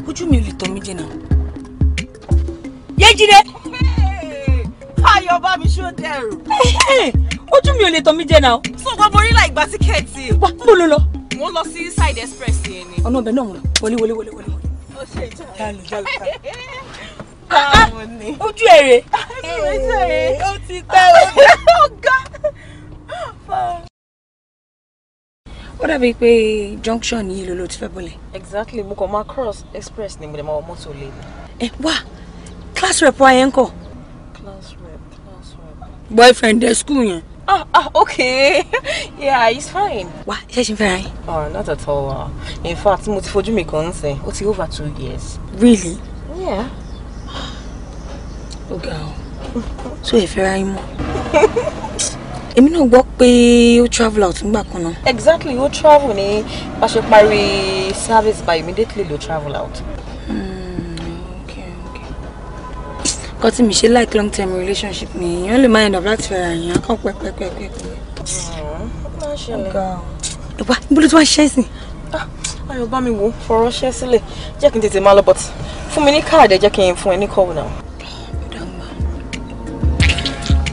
ojú mi ò lè tọ́ mi jẹ náà jíire. ayọ̀ bá mi ṣó dẹrù. ojú mi ò lè tàn mí jẹ náà. sọ wọn mo rí láì gba tíkẹ́ẹ̀tì. wà á bò ló lọ. mo ń lọ sí side express yẹn ni. ọ̀nà ọbẹ̀ náà mo lọ wọlé wọlé wọlé wọlé. ó ṣe ìjà jálù jálù táwọn ah, ni. ojú èrè. ojú èrè eh, ó ti pẹ́ o. ọ̀gá. Oh, ó dàbíi pé junction yìí ló ló ti fẹ́ bọ́lẹ̀. exactly mo kàn máa cross express ni mo lè máa wọ mọ́tò lé mi. ẹ eh, wá class rep wa yẹn kọ. class rep class rep. boyfriend dé school yẹn. ah ah okay yeah he's fine. wa ṣé ṣe ń yín. oh not at all uh. in fact mo ti fojú mi kan sẹ́yìn ó ti over two years. really. yeah. ó ga so ẹ fẹ́ra yín mọ́. èmi náà gbọ́ pé ó travel out nígbà kan náà. exactly ó travel ní bá ṣe parí service by immediately ló travel out. nǹkan tí mi ṣe like long term relationship ni èèyàn lè máa end up láti fẹ́ra èèyàn kàn pẹ́pẹ́pẹ́pẹ́. ẹ̀wá níbo ló ti wá ṣiṣẹ́ sí. Ah, ayọ̀ bá mi wò ó fọ̀rọ̀ ṣẹ́ sílẹ̀ jẹ́ kí n tètè máa lọ but fún mi ní káàdì ẹ̀ jẹ́ kí n fún ẹ ní kọ́ọ̀wù náà.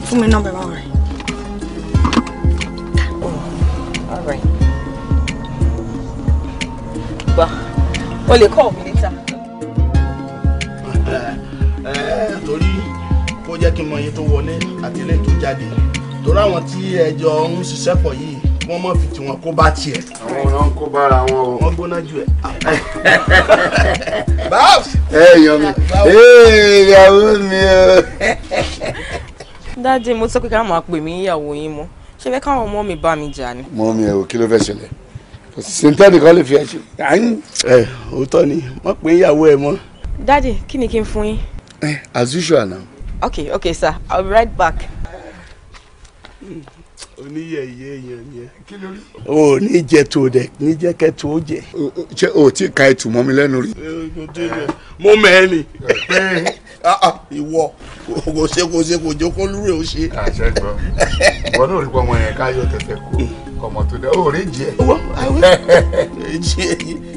fún mi nọ́mbà ìwọ̀n rẹ̀. All right. Well, well, they call me later. Eh, torí kó jẹ́ kí n mọ iye tó wọlé àti ilé tó jáde torí àwọn tí ẹjọ́ ń ṣiṣẹ́ pọ̀ yìí wọ́n mọ̀ fi tiwọn kó bá tiẹ̀. àwọn ọ̀nà ń kó bára wọn o. wọ́n gbóná ju ẹ̀. báwo. ẹ yọ mi ìyàwó mi o. dáàdi mo sọ pé ká máa pè mí ìyàwó yín mọ́ ṣé fẹ́ káwọn ọmọ mi bá mi jà ni. mọ mi ẹ o kí ló fẹ́ ṣẹlẹ̀ sèǹtẹ́nì kan lè fi ẹ ṣe. ẹ òótọ́ ni wọ́n pè é ìyàwó ẹ mọ́. dáàdi kí ni kí n fún yín. Eh, as usual now. Okay, okay, sir. I'll be right back. o ní to tó dẹ ní to kẹ o ti ka ètò mọ́ mi eh, mo mẹ́ ni eh. ah, ah. ìwọ kò ṣe kò ṣe kò jókòó lúre ó ṣe. àṣẹ ah, gbọ́ ìwọ náà rí pọ́nmọ yẹn ká yọ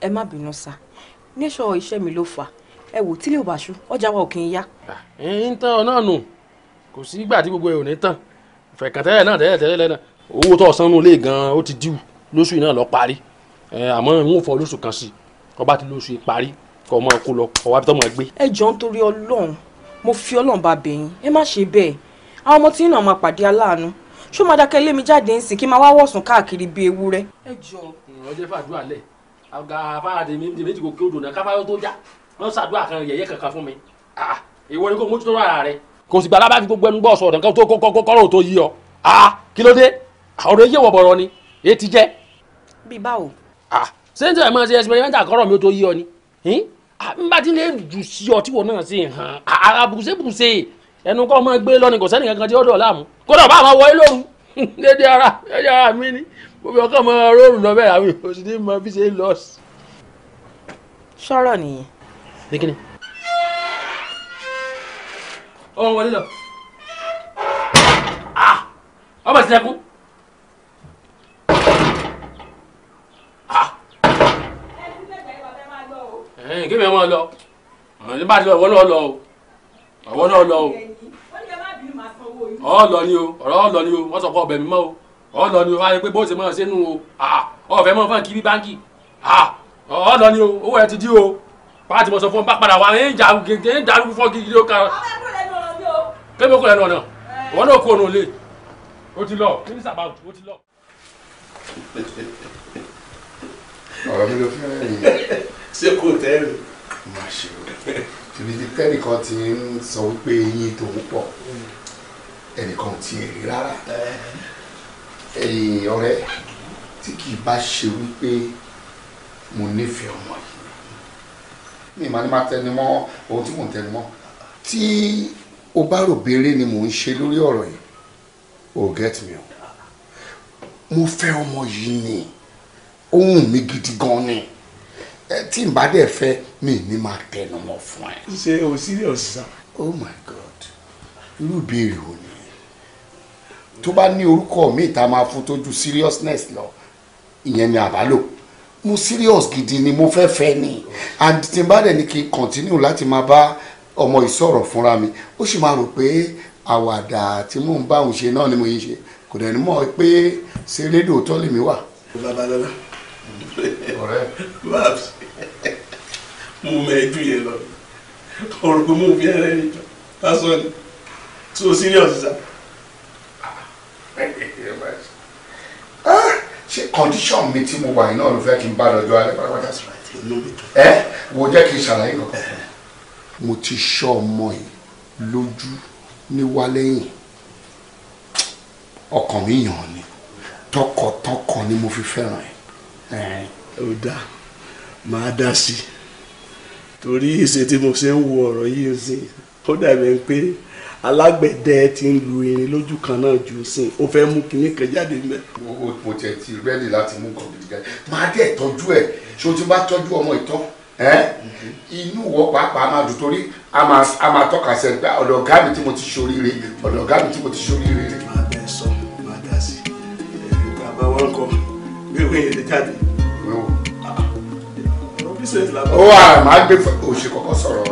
ẹ má bínú sá níṣọ iṣẹ́ mi ló fà ẹ wò tílé ò bá ṣú ọjà wa ò kì í yá. ẹyin tán ọ náà nù kò sí ìgbà tí gbogbo ẹ ò ní tán fẹ̀kàtẹ́lẹ̀ náà tẹ́lẹ̀ tẹ́lẹ̀ náà owó tó ọ̀sán nulẹ̀ gan-an ó ti díù lóṣù yìí náà lọ parí àmọ́ n ò fọ lóṣù kan sí ọba ti lóṣù yìí parí kọ́ ọmọ kó lọ ọwọ́ abitọ́ mọ̀ gbé. ẹ jọ ń torí ọlọ́run mo fi ọlọ́run bá bẹ̀yìn ẹ má ṣe bẹ́ẹ̀ àwọn ọmọ tí náà máa pàdé aláàánú ṣó máa dákẹ́ lé mi jáde ń sìn kí n máa wá wọ̀sùn káàkiri bíi ewúrẹ́. ẹ jọ ọ̀rọ̀ fàdúrà lẹ̀ àga afárá tèmi tèmi ti kò kí odò náà káfáyọ tó já wọn ṣàdúrà kan yẹyẹ kankan fún mi ah, ìwọ ni kò mójútó ara rẹ. kò sì gbàdá bá fi gbogbo ẹnu gbọ́ sọ̀rọ̀ nǹkan tó kọ́kọ́rọ́ tó yí ọ ah, kí ló dé ọ̀rọ̀ eyé wọ̀ bọ̀rọ̀ ni èyí ti jẹ́. bí báwo. Ah, ṣé n tẹ̀lé máa ṣe experiment àkọ́rọ̀ mi ó tó yí ọ ni n bá ti lè jù sí ọ tí wọn náà sì hàn ara bùsẹ̀bùsẹ̀ ẹnu kọ́ máa gbé lọ́ni kò sẹ́nìkan kan tí ó dọ̀ láàmú kódà bá àwọn wọlé omi ọkàn mọ róòrùn lọ bẹ́ẹ̀ àwọn èèyàn sì ní mọ bí ṣe ń lọ sí. sọ̀rọ̀ nìyẹn. ní kíni. ọ̀run wọlé lọ ah! ọmọ ìsìnkú. Ah! kí mi ọmọ lọ ní bá ti lọ ìwọ náà lọ o ìwọ náà lọ o ọ̀ lọ ni o ọ̀rọ̀ lọ ni o wọ́n sọ fún ọbẹ̀ mi mọ́ o ọlọ ni o wáyé pé bó ṣe máa ṣe nù o ọfẹ ah, mọ fún kiri báńkì ọlọ ah, ni o owó ẹ ti di o pàtí mo sọ fún ọ bá padà wá ẹ ń jà ẹ ń darúgbó fún kiri ó kan. kébé kúrò lẹ́nu ọ̀nà eh. wọn náà kú ọ̀nà òlé o ti lọ kí ni sábà o ti lọ. ọ̀rọ̀ mi ló fẹ́ rìn ṣé kò tẹ́rù. má ṣe o ibi tí kẹ́nìkan ti ń sọ wípé eyín tòun pọ̀ hmm. ẹnìkan ò tiẹ̀ rí rárá. Eh ẹ̀yin ọ̀rẹ́ tí kì í bá ṣe wípé mo nífẹ̀ẹ́ ọmọ yìí mi ìmọ̀ ni máa tẹnumọ́ ohun tí mò ń tẹnumọ́ tí o bá rò béèrè ni mò ń ṣe lórí ọ̀rọ̀ yìí o get me o mo fẹ́ ọmọ yìí ni ohun mi gidi gan ni tí n bá dẹ̀ fẹ́ mi ní máa tẹnumọ́ fún ẹ. ṣé o serious sá. oh my god irú ìbéèrè wo tó bá ní orúkọ mi ìta máa fún tójú seriousness lọ ìyẹn ni àbálò mo serious gidi ni mo fẹ́ fẹ́ ni and tí n bá dẹ̀ ní kí n continue láti máa bá ọmọ ìsọ̀rọ̀ fúnra mi ó sì máa rò pé àwàdà tí mò ń bá òun ṣe náà ni mo yín ṣe kò dẹ̀ ní mọ̀ pé ṣe rédíò tó lè mí wà. babalọla ọ̀rẹ́ babs mo mọ ẹjú yẹn lọ ọ̀rọ̀ pé mo fi ẹrẹ níjọ lásán ni so serious sa ṣe condition mi tí mo wà iná ló fẹ́ kí n bá lọ́jọ́ alẹ́ pátápátá ẹ wo jẹ́ kí n ṣàlàyé kankan. mo ti ṣọ́ ọmọ yìí lójú níwálẹ́yìn ọkàn mi yàn ni tọkàntọkà ni mo fi fẹ́ràn ẹ. ó dáa máa dá sí i torí ìṣe tí mo ṣe ń wo ọ̀rọ̀ yìí ń sìn ó dàbí pé alágbẹ̀dẹ ti ń lu irin lójú kan náà ju sin o fẹ́ mú kinní kan jáde mẹ́. mo tẹ ti rẹ́dì láti mú nǹkan gidi jáde máa dẹ̀ tọ́jú ẹ̀ ṣé o ti bá tọ́jú ọmọ ìtọ́ inú wọ pàápàá máa dùn torí a máa tọ́ka sẹ́ pé ọ̀dọ̀ ọ̀gá mi tí mo ti ṣoríire ọ̀dọ̀ ọ̀gá mi tí mo ti ṣoríire. máa bẹ sọ máa dá sí ẹ̀rù bàbá wọn kọ bí wọ́n yẹn lè jáde. Ah. ó wà máa gbé òṣèkọ́kọ́ sọ̀rọ̀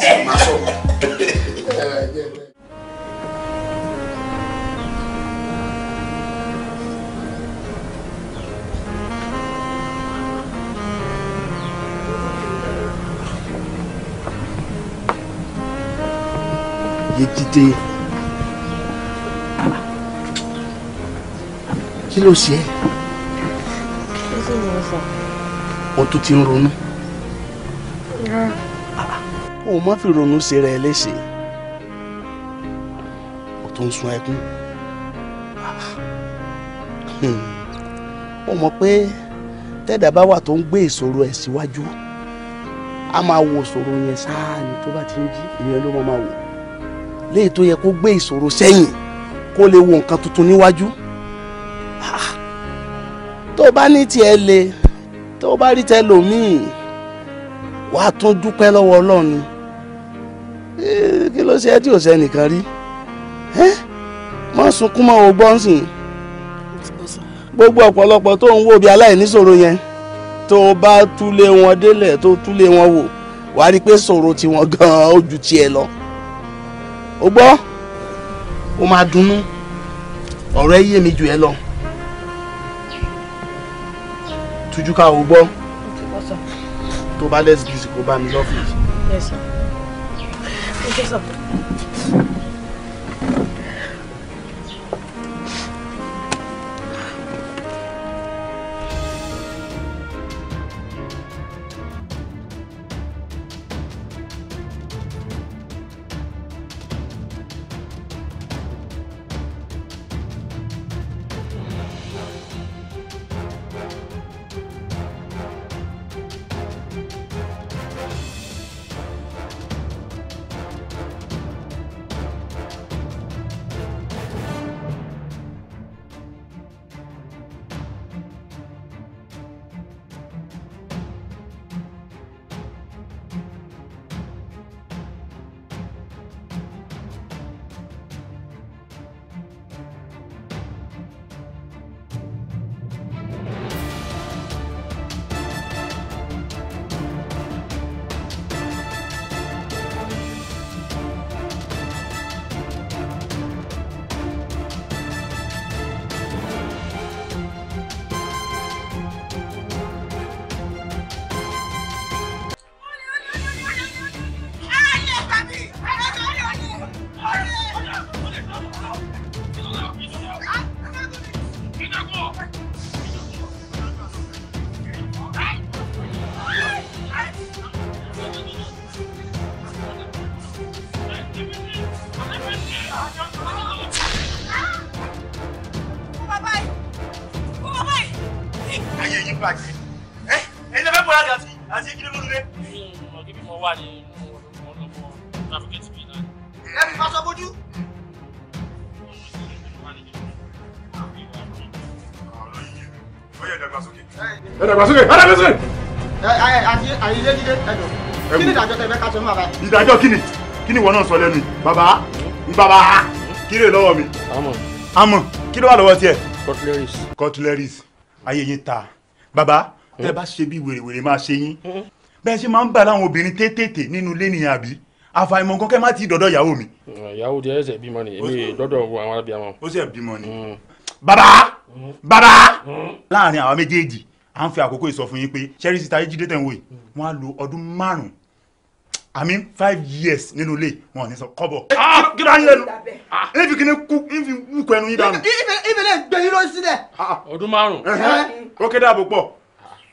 sì máa sọ̀rọ̀. Yéjídé kí ló ṣe é? ohun tó ti ń ronú. Ah o má fi ronú ṣe rẹ léṣe o tún sun ẹkún o mọ̀ pé tẹ́dà bá wà tó ń gbé ìṣòro ẹ̀ síwájú a máa wo ìṣòro yẹn sáà ní tó bá ti ń jí ìyẹn ló máa wò léyìí tó yẹ kó gbé ìṣòro sẹ́yìn kó lè wo nǹkan tuntun níwájú tó bá ní tiẹ̀ le tó bá rí tẹ lòmíì wàá tún dúpẹ́ lọ́wọ́ Ọlọ́run Eh, kí ló ṣe é tí ò sẹ́nìkan rí má sunkún mọ́ o gbọ́ nsìn gbogbo ọ̀pọ̀lọpọ̀ tó ń wò bí aláìníṣòro yẹn tó bá túlé wọn délẹ̀ tó túlé wọn wò wàá rí i pé ṣòro tiwọn gan-an ó ju tiẹ̀ lọ o gbọ́ o máa dunnú ọ̀rọ̀ ẹ yé mi ju ẹ lọ tujuka o gbọ́ tó bá lẹ́sìkìsì kó bá mi lọ́fíìsì. Get something. dàgbàsókè dàgbàsókè. àyílé jíde ẹjọ́ kí ni ìdájọ́ tẹ̀lé ká ṣe mú àbá. ìdájọ́ kí ni kí ni ìwọ náà sọ lẹ́nu bàbá bàbá kí lè lọ́wọ́ mi. àmọ́ àmọ́ kí ló wà lọ́wọ́ tiẹ̀. cutleries. cutleries ayé yín ta bàbá tẹ bá ṣe bí wèrèwèrè máa ṣe yín mm-hmm. bẹ́ẹ̀ ṣe máa ń bá láwọn obìnrin tètè nínú ilé nìyẹn àbí àfàìmọ̀ nǹkan kẹ́ má ti dọ̀dọ̀ ìyàwó mi. ìyàwó di ẹsẹ̀ bímọ ni èmi dọ́dọ̀ àwọn abiyamọ. ó sì ẹ̀ bímọ ni. Mm. bàbá mm. bàbá mm. láàrin àwa méjèèjì à ń fi àkókò ìsọfún yín pé ṣẹ́rí síta jíde tẹ̀ ń wò yìí wọ́n á lo ọdún márùn-ún i mean five years nínú ilé wọn ò ní sọ kọ́bọ̀. kí ló ń lẹnu ebi kí ni kú ebi wù kọ ẹnu yín dànù. ibi lè gbé yín lọ sílẹ̀. Ah, ah. ọdún márùn. ó eh, eh. kéde àbò pọ̀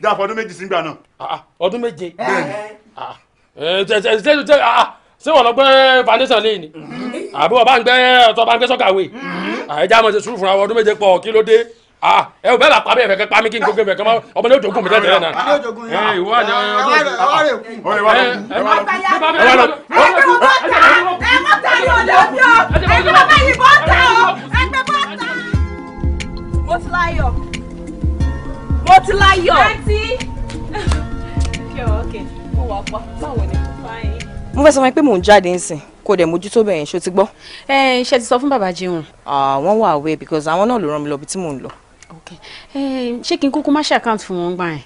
dáa fọdún méjì sígbà náà. Ah, ọdún méje. ṣé wọn lọ gbé foundation lẹ́yìn ni mm-hmm. àbí wọn bá ń gbé ọtọ bá ń gbé sọkàwé àìjà mm-hmm. mọ̀ ṣe sùúrù fúnra ọdún méje pọ̀ kí ló dé ah ẹ o bẹ́ẹ̀ bá pa mí ẹ̀fẹ̀ kẹ́ pa mí kí n gbogbo ẹ̀fẹ̀ kẹ́ mọ́ ọmọ ní ojogun mi tẹ́tẹ́ rẹ̀ náà. ẹ ìwọ àjọ ẹ wá lọ ẹ wá lọ ẹ wá lọ ẹ wá lọ. ẹ kò bọ́ ta ẹ kò ta yóò lọ jọ ẹ kò bá yìí bọ́ ta o ẹ gbẹ bọ́ ta. mo ti láyọ̀ mo ti láyọ̀. àǹtí mo wà pa báwo ni mo bá yín. mo fẹ́ sọ fún mi pé mò ń jáde ńsìn kò dẹ̀ mójútó bẹ̀yẹn ṣó ti gbọ́. ẹ ṣe ti sọ fún bàbá jẹun. àwọn ah, wà away because àwọn náà ló rán mi lọ ibi tí mò ń lọ. Eh, ṣé kí n kúkú má ṣàkáǹt fún wọn gbà yẹn.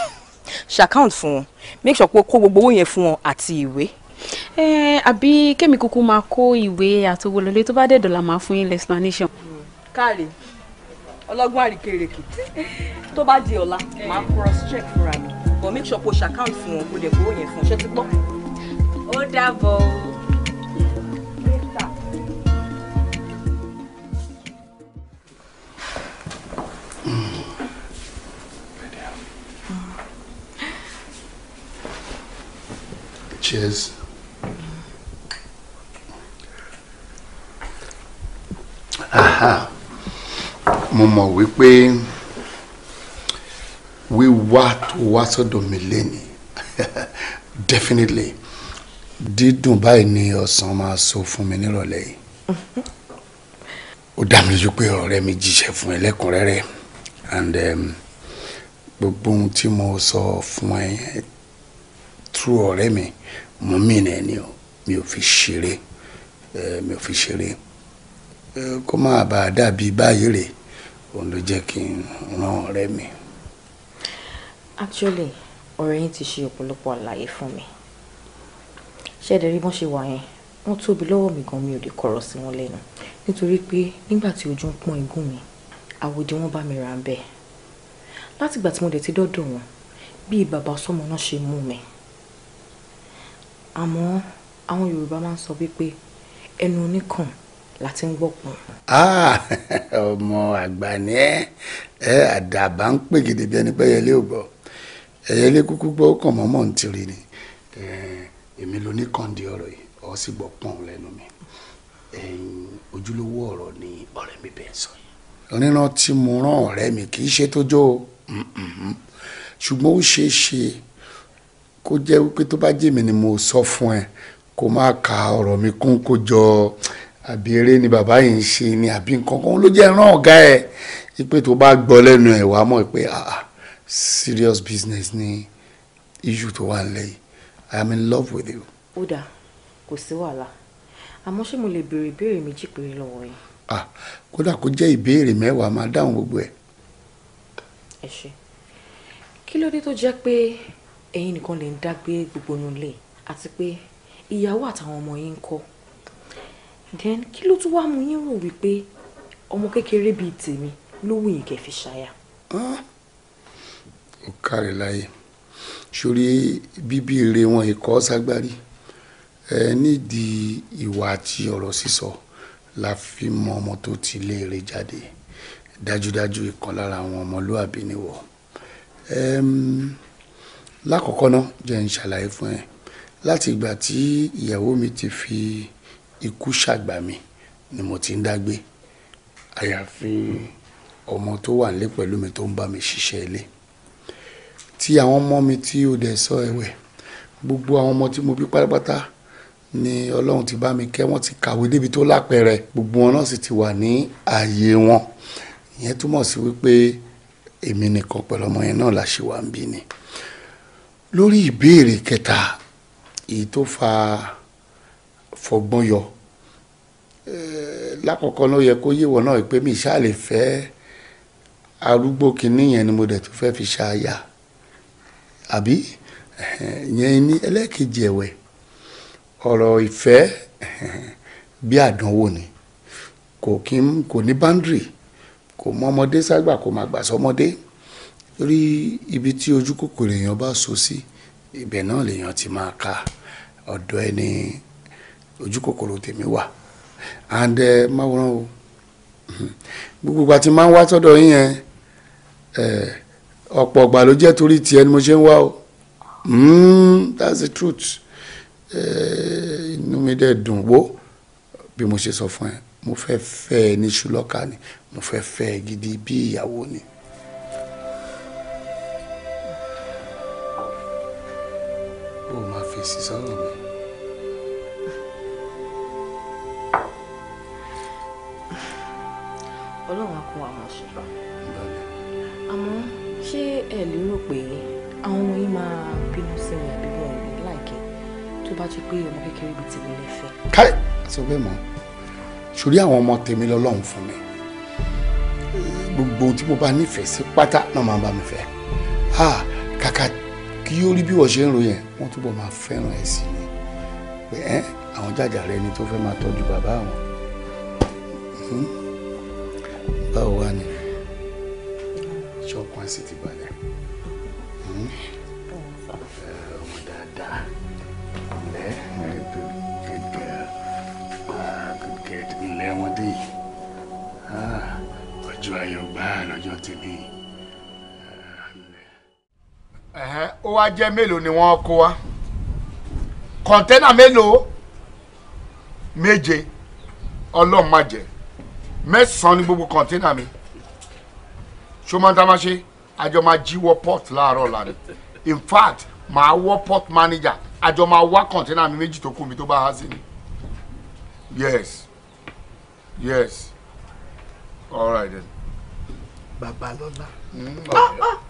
ṣàkáǹt fún wọn make sure pé o kó gbogbo owó yẹn fún wọn àti ìwé. Eh, àbí kémi kúkú máa kó ìwé àtowó lọlé tó bá dẹ̀ dọ̀là máa fún yín explanation. káàrí ọlọ́gbọ́n àríkèrèkè tó bá di ọ̀la máa cross check fúnra mi but make sure pé o ṣàkáǹt fún wọn kó dẹ̀ gbowó yẹn fún ọ ṣé ti gbọ́. ó dàbọ̀ o. Cheers. Aha. Mo mọ̀ wípé wíwá tó wá sọ́dọ̀ mi lénìí definitely dídùn báyìí ni ọ̀sán máa sọ fún mi nírọ̀lẹ́ yìí. Ó dá mi lójú pé ọ̀rẹ́ mi jíṣẹ́ fún ẹ lẹ́kùnrẹ́rẹ́ and um, gbogbo um, ohun tí mo sọ fún ẹ through ọ̀rẹ́ mi mo mìíràn ẹni o mi ò fi ṣeré mi ò fi ṣeré kó má bàa dàbí báyìí rè òun ló jẹ́ kí n ràn ọ̀rẹ́ mi. actually ọ̀rẹ́ yín ti ṣe ọ̀pọ̀lọpọ̀ àlàyé fún mi ṣẹ́ẹ̀dẹ̀ rí bọ́n ṣe wà yẹn wọ́n tóbi lọ́wọ́ mi gan mi ò lè kọ̀rọ̀ sí wọn lẹ́nu nítorí pé nígbà tí ojú ń pọ́n igún mi àwòdì wọn bá mi ra bẹ́ẹ̀ látìgbà tí mo dẹ̀ ti dọ́dọ̀ wọn bíi bàbá sọ́mọ náà ṣe mú mi àmọ́ àwọn Yorùbá máa ń sọ wípé ẹnu oníkàn la ti ń gbọ́pọ̀. Ah, ọmọ àgbà ni ẹ ẹ àdàbà ń pè gidi bí ẹni pé ẹyẹlé ò gbọ́ ẹyẹlé kúkú gbọ́ kàn mọ́mọ́ ń tiri ni èmi ló ní kàndí yìí ọ sì gbọ́ pọ́n mi ojúlówó ọ̀rọ̀ ni ọ̀rẹ́ mi bẹ́ẹ̀ sọ yìí. ríran tí mo rán ọ̀rẹ́ mi kì í ṣe tó jó ṣùgbọ́n ó ṣe. Mm -mm kó jẹ́ wípé tó bá jèmi ni mo sọ fún ẹ kó má ka ọ̀rọ̀ mi kún kó jọ àbí eré ni bàbá yìí ń ṣe ni àbí nǹkan kan ló jẹ́ ràn ọ̀gá ẹ̀ wípé tó bá gbọ́ lẹ́nu ẹ̀ wá mọ̀ pé ah, ah serious business ni issue tó wà nílẹ̀ yìí I am in love with you. ó dà kò sí wàhálà àmọ́ ṣé mo lè béèrè ìbéèrè méjì péré lọ́wọ́ yìí. ah kódà kó jẹ́ ìbéèrè mẹ́wàá máa dáhùn gbogbo ẹ̀. ẹ ṣe kí ló dé tó jẹ́ pé ẹ̀yin nìkan lè ń dágbé gbogbo nulẹ̀ àti pé ìyàwó àtàwọn ọmọ yín ń kọ́ then kí ló tún wá mú yín rò wípé ọmọ kékeré bíi tèmi ló wù yín kẹ́ fi ṣaya. ó káre láyé sórí bíbí ire wọn ikọ́ ságbárí ẹ nídìí ìwà àti ọ̀rọ̀ sísọ la fi mọ ọmọ tó ti léèrè jáde dájúdájú ìkan lára àwọn ọmọlúàbí nìwọ. Um, lákọ̀ọ́kọ́ náà jẹ́ ń ṣàlàyé fún ẹ láti ìgbà tí ìyàwó mi ti fi ikú ṣàgbà mi ni mo ti ń dágbé àyàfi ọmọ tó wà nílé pẹ̀lú mi tó ń bá mi ṣiṣẹ́ ilé tí àwọn ọmọ mi tí ó dẹ̀ sọ ẹ̀wẹ̀ gbogbo àwọn ọmọ tí mo bí pátápátá ni ọlọ́run ti bá mi kẹ́ wọ́n ti kàwé débi tó lápẹẹrẹ gbogbo wọn náà sì ti wà ní ààyè wọn ìyẹn túmọ̀ sí wípé èmi nìkan pẹ̀lú ọmọ yẹn náà la ṣì wà ń bí ni lórí ìbéèrè kẹta èyí tó fa fọgbọ́n yọ lákọ̀ọ́kọ́ ló yẹ kó yíwọ náà pé mi ṣáà lè fẹ́ arúgbó kinní yẹn ni mo dẹ̀ tún fẹ́ fi ṣàyà àbí yẹn ní ẹlẹ́ẹ̀kejì ẹ̀wẹ̀ ọ̀rọ̀ ìfẹ́ bí àdánwò ni kò kí kò ní báńdìrì kò mọ ọmọdé ságbà kò má gbà sọmọdé. So torí ibi tí ojú kòkòrò èèyàn bá so sí ibẹ̀ náà lèèyàn ti máa ka ọ̀dọ̀ ẹni ojú kòkòrò tèmi wà and eh, máwòrán o gbogbo ìgbà tí máa ń wá tọ́dọ̀ yín yẹn eh, ọ̀pọ̀ ọ̀gbà ló jẹ́ torí tiẹ̀ ni mo ṣe ń wá o hmm, that's the truth eh, inú mi dẹ̀ dùn wó bí mo ṣe sọ fún ẹ mo fẹ́ fẹ́ ẹ ní ṣùlọ́ka ni mo fẹ́ fẹ́ ẹ gidi bí ìyàwó ni. fèsì sọ̀rọ̀ mi. ọlọ́run á kún wa mọ̀ ṣe. àmọ́ ṣé ẹ lérò pé àwọn ọmọ yìí máa bínú sí mi àbí bọ́ọ̀ mi láìkẹ́ tó bá jẹ́ pé ọmọ kékeré bíi tèmi lè fẹ́. káì àti ọbẹ̀ mọ́ sórí àwọn ọmọ tèmi lọ́lọ́run fún mi gbogbo tí mo bá nífẹ̀ẹ́ sí pátá náà máa bá mi fẹ́ ah, kàkà kí ó rí bí wọ́n ṣe ń ro yẹn wọ́n túbọ̀ máa fẹ́ràn ẹ̀ sí ni pé ẹ́ àwọn jàjà rẹ ni tó fẹ́ máa tọ́jú bàbá àwọn hmm. báwo wá ni ṣọ́ọ̀pù àti ti balẹ̀. Mm-hmm. ó wá jẹ́ mélòó ni wọ́n kó wá kọ̀ńténà mélòó méje ọlọ́run má jẹ́ mẹ́sàn-án ní gbogbo kọ̀ńténà mi ṣọmọdámáṣe àjọ máa jíwọ́ port láàárọ̀ lànà in fact màá wọ́ port manager àjọ máa wá kọ̀ńténà mi méjì tó kù mi tó bá há sí ni yes yes all right then. babalọ́lá. Mm, okay. ah, ah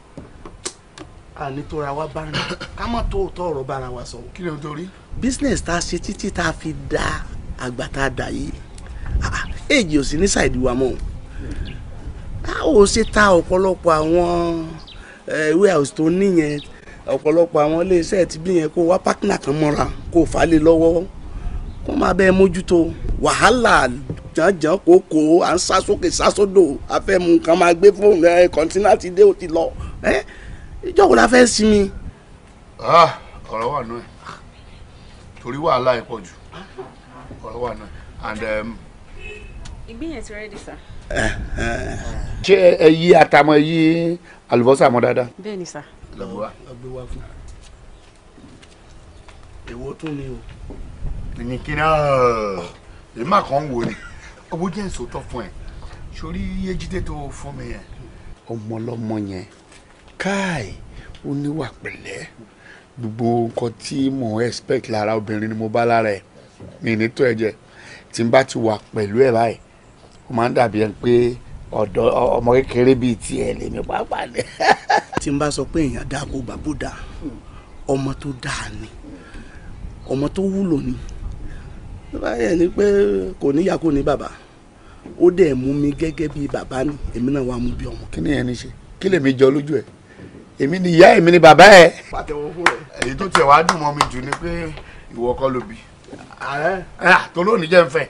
àní tóra wa bá rìn ká má tó òótọ́ ọ̀rọ̀ bára wa sọ. kí ni o torí. business tá a ṣe títí tá a fi da àgbà tá a dà yìí ah, èjì ò sí ní ṣàìdí wa mọ́ a ò ṣe ta ọ̀pọ̀lọpọ̀ àwọn eh, warehouse tó níyẹn ọ̀pọ̀lọpọ̀ àwọn iléeṣẹ́ ti bí yẹn kó wá partner kan mọ́ra kó fà á lè lọ́wọ́ kó máa bẹ́ẹ̀ mójútó wàhálà jàǹjàǹ kòkó à ń sá sókè sá sódò afẹ́mu kan máa gbé fóònù ẹ̀ kọ́ńtínà ti dé ó ti lọ ẹ́ ìjọ wo la fẹ́ sinmi. Ah, ọ̀rọ̀ wà nù ẹ̀ torí wàhálà ẹ̀ pọ̀ jù ọ̀rọ̀ wà nù ẹ̀ and. Um, ìgbìyànjú ti rẹ́dí sá. Eh, ṣé ẹ yí atamọ ẹ yí àlùbọ́sà mọ́ dáadáa. bẹ́ẹ̀ ni sá. lọ́gbọ́n wa fún. èwo tún ni o. èmi kí náà ah, èmi máa kàn ń wò ni owó jẹ́ ìsòótọ́ fún ẹ sórí yéjídé tó fún mi yẹn. ọmọ yẹn káì ó níwà pẹ̀lẹ́ gbogbo nǹkan tí mo expect lára obìnrin ni mo bá lára ẹ̀ mi ní tó ẹ̀jẹ̀ tí n bá ti wà pẹ̀lú ẹ̀ báyìí ó máa ń dàbí ẹni pé ọ̀dọ́ ọmọ kékeré bíi tiẹ̀ lèmi pàápàá lẹ̀. tí n bá sọ pé èèyàn dáa kó bàbú dáa ọmọ tó dáa ni ọmọ tó wúlò ni bàbá yẹn ni pé kò níyà kò ní bàbá ó dẹ̀ mú mi gẹ́gẹ́ bíi bàbá ni èmi náà wàá mú bí ọmọ. kí ni ẹni ṣe kí lèmi jọ lójú ẹ̀ èmi ni ìyá èmi ni bàbá ẹ. pàtẹ́wọ́ fún rẹ̀. èyí tó tiẹ̀ wá dùn mọ́ mi jù ni pé ìwọ kọ́ ló bí. tó lónìí jẹ́ ń fẹ́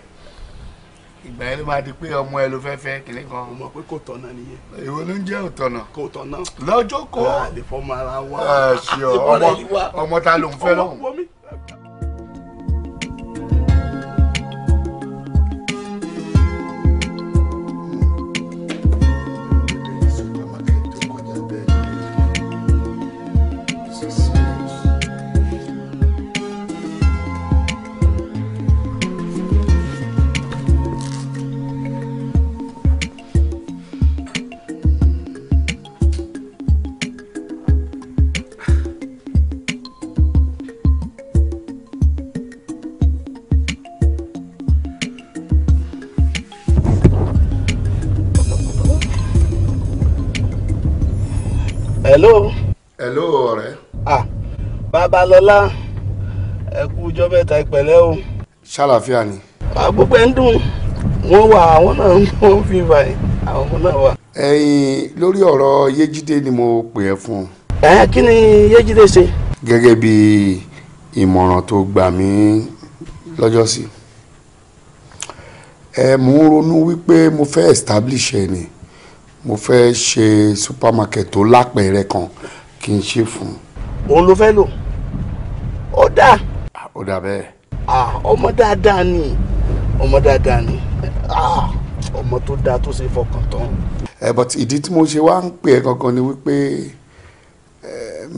ìgbà yẹn ló máa di pé ọmọ ẹ ló fẹ́ fẹ́ kìnní kan. o mọ̀ pé kò tọ̀nà nìyẹn. èwo ló ń jẹ́ òtọ̀nà. kò tọ̀nà. lọ́jọ́ kọ́. àlè fọmọ ara wa. ọmọ ta ló ń fẹ́ lọ́hùn. Balọlá ẹ kú ọjọ́ mẹ́ta ìpẹ̀lẹ́ o. ṣàlàfíà ni. àgbógbó ẹ ń dùn wọn wà àwọn náà wọn fi ìfà yìí àwọn náà wà. ẹyin lórí ọ̀rọ̀ Yéjídé ni mo pè ẹ́ fún. ẹ kí ni Yéjídé ṣe. gẹ́gẹ́ bí ìmọ̀ràn tó gbà mí lọ́jọ́sí ẹ mò ń ronú wípé mo fẹ́ establish ẹ ni mo fẹ́ ṣe supermarket tó lápẹẹrẹ kan kí n ṣe fún un. òun ló fẹ́ lò ó dà. ó dà bẹ́ẹ̀. ọmọ dáadáa ni ọmọ dáadáa ni ọmọ tó dáa tó ṣe fọkàn tán. ẹ but ìdí tí mo ṣe wá ń pè ẹ́ gangan ni wípé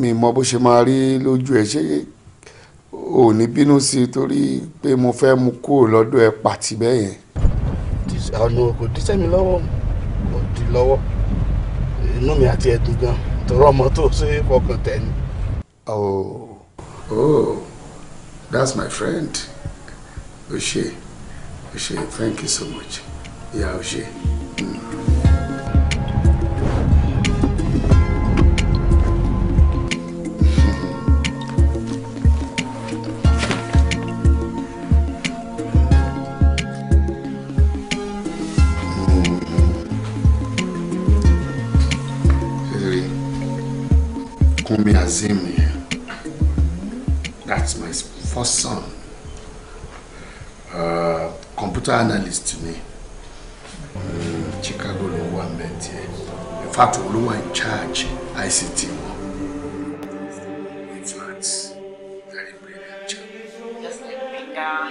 mi mọ bó ṣe máa rí lójú ẹ ṣé ò ní bínú sí i torí pé mo fẹ́ mu kúrò lọ́dọ̀ ẹ pàtì bẹ́ẹ̀ yẹn. ọ̀nà kò díṣẹ́ mi lọ́wọ́ kò dí lọ́wọ́ inú mi àti ẹ̀dùn gan-an tọrọ ọmọ tó ṣe fọkàn tẹ̀ ni. Oh, that's my friend. Oshé. Oshé, thank you so much. Yeah, Oshé. Mm. come Azim ni that's my first son uh, computer analyst ni mm, Chicago ló wà mẹ́tì in fact òun ló in charge ICT ah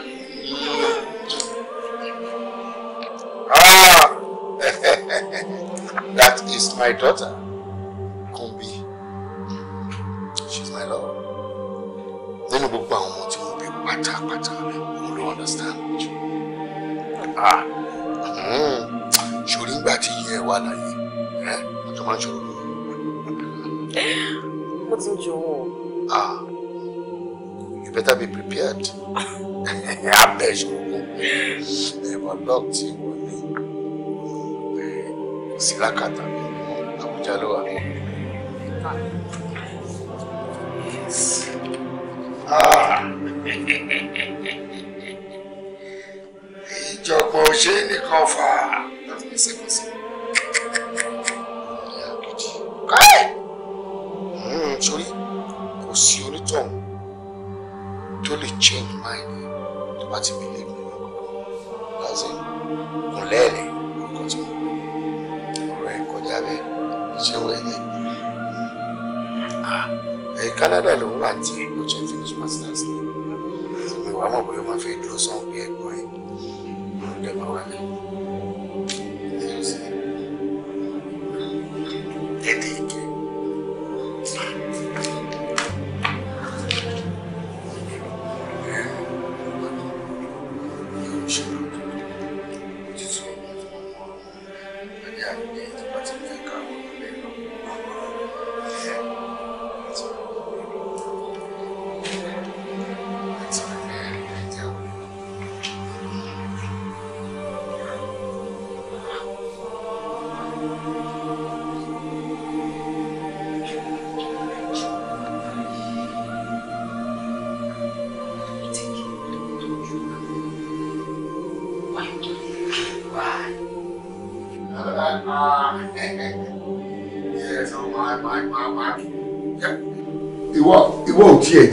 that is my daughter. nínú gbogbo àwọn ọmọ tí mo bí pátápátá mo ló understand jù ah ṣòrí ìgbà tí ìyẹn wà láyé ẹ ọjọ́ máa ń ṣòro lórí. ó ti ń jòwó. ah you better be prepared abẹ́ ìṣòro ẹ̀wọ̀n lọ́ọ̀ tí wọ́n ní sílákàtà àbújá ló wà ìjọ̀gbọ̀n ò ṣe é nìkan fà á. káyé hmm, sórí kò sí onítọ̀hún tó lè change mind tó bá ti believe nínú ọkọ̀ láti kúnlẹ̀ ẹ̀lẹ́. Canada ló wà tí ó ṣe finish masters mi wàá mọ̀ bóyá ó fẹ́ dúró sọ́hún bí ẹ̀gbọ́n ẹ̀ ló dẹ̀ máa wà lẹ́yìn.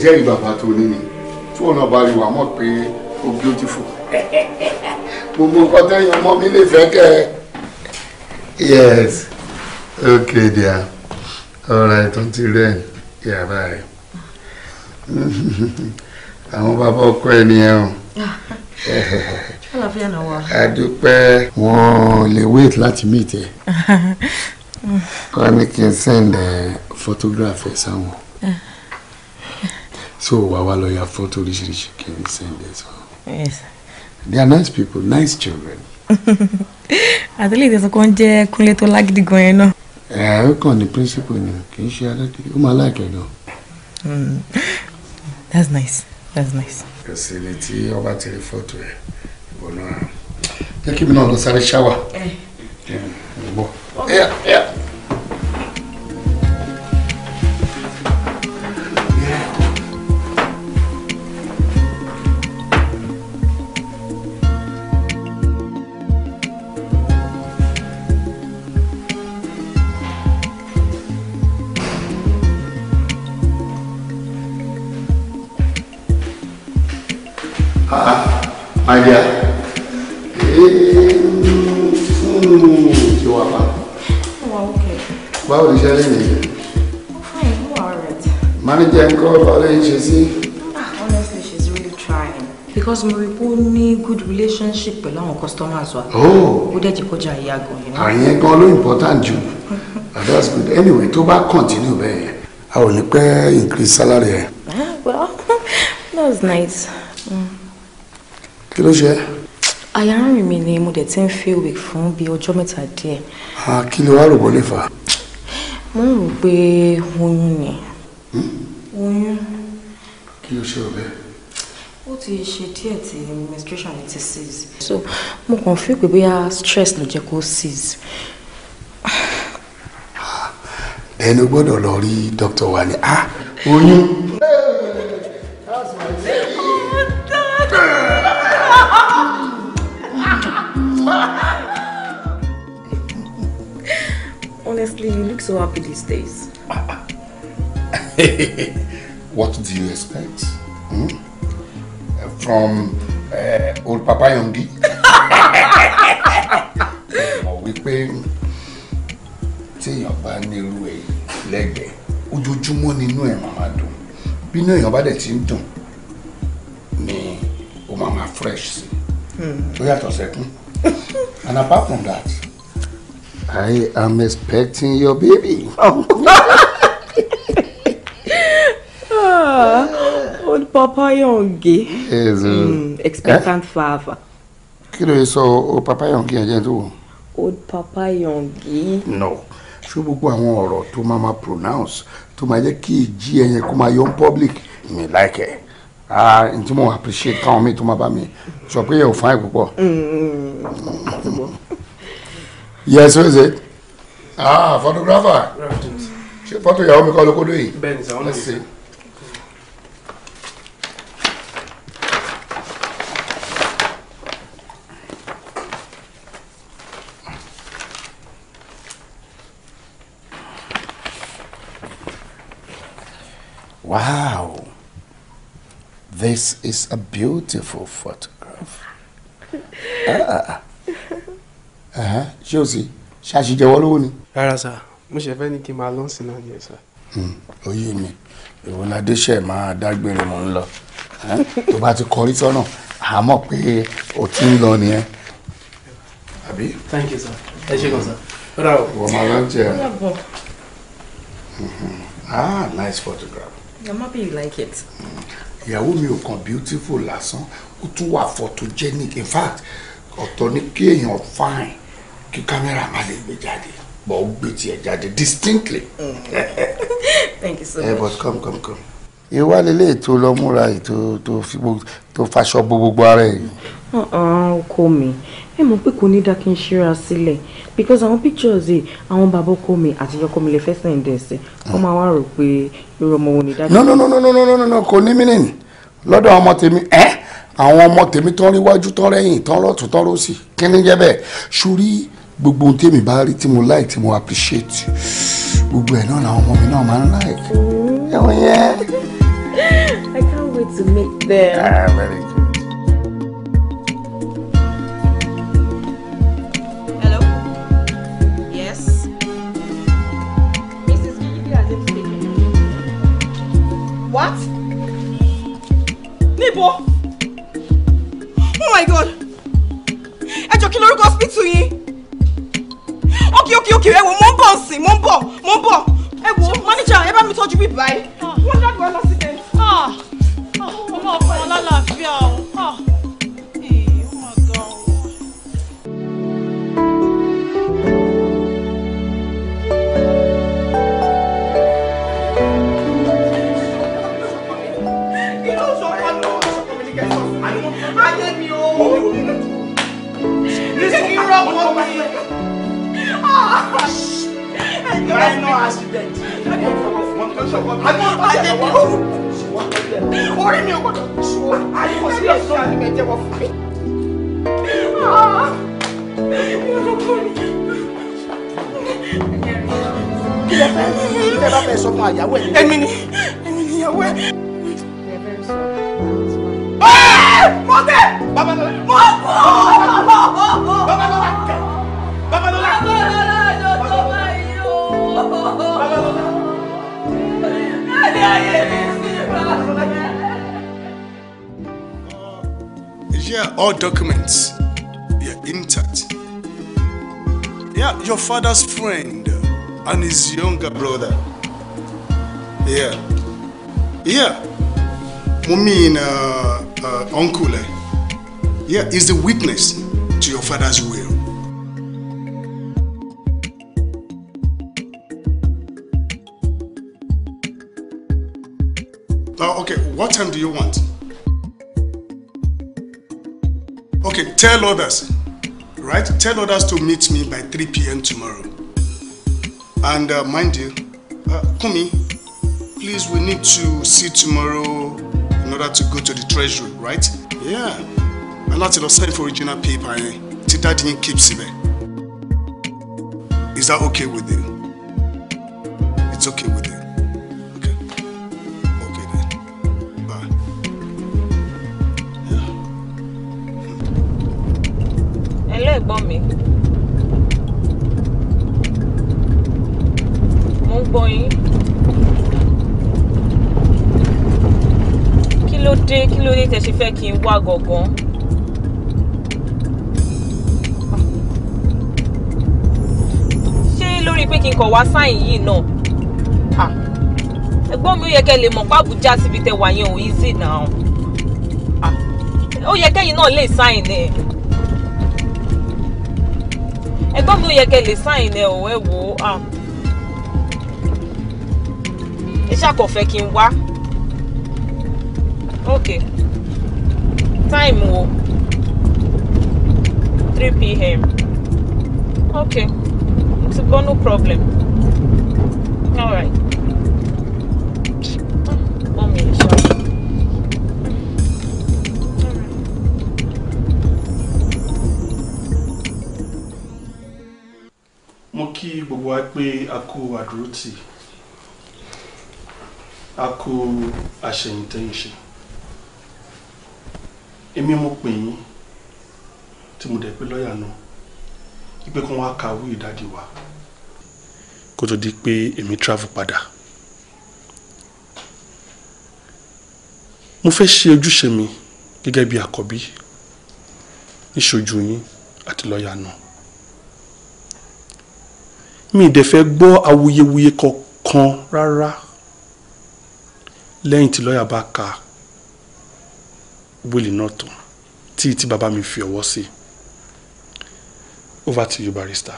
jẹ́rìí bàbá tó ní ni tí òun bá rí wa mọ̀ pé ó beautiful gbogbo nǹkan tẹ́yìn ọmọ mi lè fẹ́ kẹ́ ẹ. yes okay dear All right. Until then. rẹ̀ yàrá ẹ̀ àwọn bàbá ọkọ ẹ nìyẹn o àlàáfíà náà wà. wọn lè wait láti meet ẹ. wọ́n ní kí n send eh, photograph ẹ̀ sáwọn so wà wá lọ ya fọ́tò oríṣiríṣi kí n send it so. yes. they are nice people nice children. àtẹlẹ ìtẹ̀sán kan jẹ́ kúnlé tó lágídí gan yẹn náà. ẹ ẹ kàn ní principal ni kì í ṣe alágídí ó máa láìkẹ́ lọ. Hmm. that's nice that's nice. kẹsì ni tí ọba ti rí fọ́tò ẹ ìbọn náà jẹ́ kí mi náà lọ sáré ṣáwà. ẹ eh. ẹ gbọ́. ẹ ẹ. my dear fúnnu ti wà pa. báwo ni iṣẹ́ lè yẹ. manager ń kọ́ ọ̀rẹ́ ń ṣe sí. honestly she's really trying because mo rí pé ó ní good relationship pẹ̀lú àwọn customers wa. Oh. ó dẹ̀ ti kọjá ìyá gan-an. àyẹn gan ló important jù that's good anyway tó bá continue bẹ́ẹ̀ a ò ní pẹ́ increase salary ẹ. Ah, well that was nice kí ló ṣe é. àyà rìn mi ni mo dẹ̀ ti ń feel weak fún bíi ọjọ́ mẹ́ta díẹ̀. kí ló wá rò bọ́ lè fà. mo ń rò pé oyún ni. Hmm? oyún. kí ló ṣe ọbẹ̀. ó ti ṣe díẹ̀ tí menstruation mi ti cease. so mo kàn feel pé bóyá stress ló jẹ́ kó cease. ẹni gbọ́dọ̀ lọ rí dókítà wa ni oyún. That's oh, Honestly, you look so happy these days. what do you expect? Hmm? From uh, old Papa Yongi? We pay. téèyàn your nírú ẹ̀ leg. ojoojúmọ́ nínú ẹ̀ no dùn bínú èèyàn bá your ti ń dùn ni ó máa máa fresh We have to yàtọ̀ sẹ́kún and apart from that I am expecting your baby. Oh, old papa Yongi. Yes. Mm, expectant eh? father. Kilo ló sọ old papa Yongi, ẹ̀jẹ̀ tó Old papa Yongi. No. Ṣé gbogbo àwọn ọ̀rọ̀ tó máa pronounce tó máa jẹ́ kí ìjì ẹ̀yẹn kó máa yọ ní public Ah, n tí mo appreciate káwọn mi tó máa bá mi sọ pé yẹ ò fáyìn Yes, who is it? Ah, photographer. Ṣé fọ́tò ìyàwó mi kọ́ ló kó dó yìí? Bẹ́ẹ̀ni sà, wọ́n lè ṣe. Wow, this is a beautiful photograph. Ah ṣé o sì ṣàṣìjẹwọ́ lówó ni. rárá sá mo ṣe fẹ́ ní kí n máa lọ́ọ̀sì náà ni ẹ sá. Hmm, oyè mi ìwọládé ṣe máa dágbére mò ń lọ tó bá ti kọrí sọ́nà a mọ̀ pé o ti ń lọ nìyẹn. àbí. thank you sir ẹ ṣe kàn sá. wọ́n máa lọ jẹ́ hmm, ah nice photograph. your mama be like it. ìyàwó mi ò kàn beautiful lásán ó tún wà photogenic in fact ọ̀tọ̀ ni kí èèyàn fine kí kámẹ́rà má lè gbé jáde but ó gbé tiẹ̀ jáde distinctly. thank you so eh, much. ẹ but come come come. ìwà lélẹ̀ ètò ọlọ́múra ètò tó faṣọ bo gbogbo ara ẹ̀. Uh-uh, ọkọ mi ẹ mọ̀ pé kò ní dá kí n ṣíra sílẹ̀ because àwọn pictures yìí àwọn bàbá ọkọ mi àtijọ́ ọkọ mi lè fẹ́ sẹ́yìn dẹ̀ sí wọ́n máa wá rò pé irú ọmọ wo ni dájú. no no no no no no no no kò ní mínìn lọ́dọ̀ ọmọ tèmi ẹ́ eh? àwọn ọmọ tèmi tán ríwájú tán rẹ́yìn tán lọ́tún tán lọ́sì kí ni jẹ́ bẹ́ẹ̀ sórí gbogbo ohun tèmi bá rí tí mo like tí mo appreciate gbogbo ẹ̀ náà làwọn ọmọ mi náà máa ń like. ẹ̀wọ̀n yẹn. I can't wait to meet them. Ah, very good. What? Níbo? Oh my God! Ẹ jọ̀ọ́ kí lorúkọ to yín? ok ok ok ẹ wo mo ń bọ̀ sí mo ń bọ̀ mo ń bọ̀ ẹ wo mọ́níjà ẹ bá mi tọ́jú bíbí báyìí. Ah. wọ́n dàgbà lọ sí bẹ́ẹ̀. ọmọ ọkọ wọn lálàáfíà ah. o. Ayé mi o! minor accident. orí mi ò gbọdọ̀ tu o. àyùkọ sí ọ̀sán ni mi ẹ jẹ́wọ́ fún mi. kí lẹ fẹ́ kí lẹ bá fẹ́ sọ fún àyàwó ẹ̀. èmi ni èmi ni ìyàwó ẹ̀. mọ́tẹ́ mọ́tẹ́ mọ́tẹ́. Yeah, all documents. Yeah, intact. Yeah, your father's friend and his younger brother. Yeah. Yeah. Mommy mean uh, uh, uncle. Eh? Yeah, is the witness to your father's will. Now, okay, what time do you want? Okay, tell others, right? Tell others to meet me by 3 p.m. tomorrow. And uh, mind you, uh, Kumi, please, we need to see tomorrow in order to go to the treasury, right? Yeah. And that's the sign for original paper yẹn tí dáàdi keep síbẹ̀. Is that okay with you? It's okay with you. ẹ̀gbọ́n mi. mo ń gbọ́ yín. kí ló dé kí ló dé tẹ́ ṣe fẹ́ kí n wá gọ̀gàn. ṣé lórí pé kí n kọ̀ wá sáyìn yìí náà ẹ̀gbọ́n mi ó yẹ kẹ́ lè mọ̀ pé Àbújá síbi tẹ́ wà yẹn ò easy now ó yẹ kẹ́yìn náà lè sáyìn ẹ̀ ẹ̀gbọ́n mi ò yẹ kẹ́ lè sáìn ẹ ọ̀ ẹ wò ó ah. ẹ kí n wá ok time wo three pm ok it's no problem all pé aku kú àdúrótì a kú àṣẹyìntẹ́yìnṣe èmi mo pè yín tí mo dẹ̀ pé lọ́ọ̀yà náà wípé kí wọ́n kàwé ìdádì wa kó tó di pé èmi travel padà mo fẹ́ ṣe ojúṣe mi gẹ́gẹ́ bí àkọ́bí níṣojú yín àti lọ́ọ̀yà náà mi dẹ̀ fẹ́ gbọ́ awuyewuye kankan rárá lẹ́yìn tí lọ́ọ̀yà bá ka wíìlì náà tán tí tí bàbá mi fi ọwọ́ sí over to you barrister.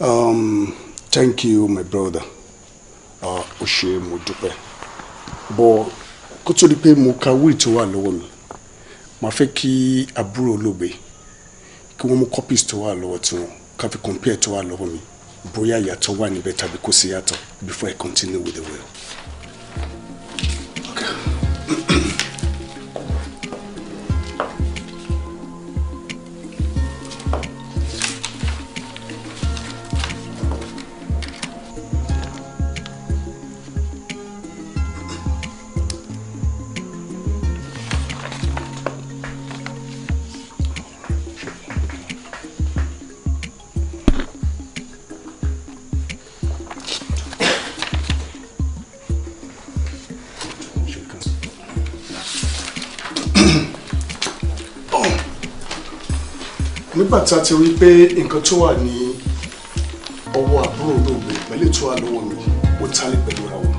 Um, thank you my brother ah, o ṣe mo dúpẹ́ bọ́ kó tó di pé mo ka wíìlì tó wà lọ́wọ́ mi màá fẹ́ kí àbúrò olóògbé kí wọ́n mú copies tó wà lọ́wọ́ tiwọn ká fi compare tó wà lọ́wọ́ mi bóyá ìyàtọ̀ wà níbẹ̀ tàbí kò sí yàtọ̀ before I continue with the will. Okay. nígbà tá a ti rí pé nǹkan tó wà ní ọwọ́ àbúrò olóògbé pẹ̀lú ètò àlọ́wọ́ mi ó tálé pẹ̀lú ra wọn.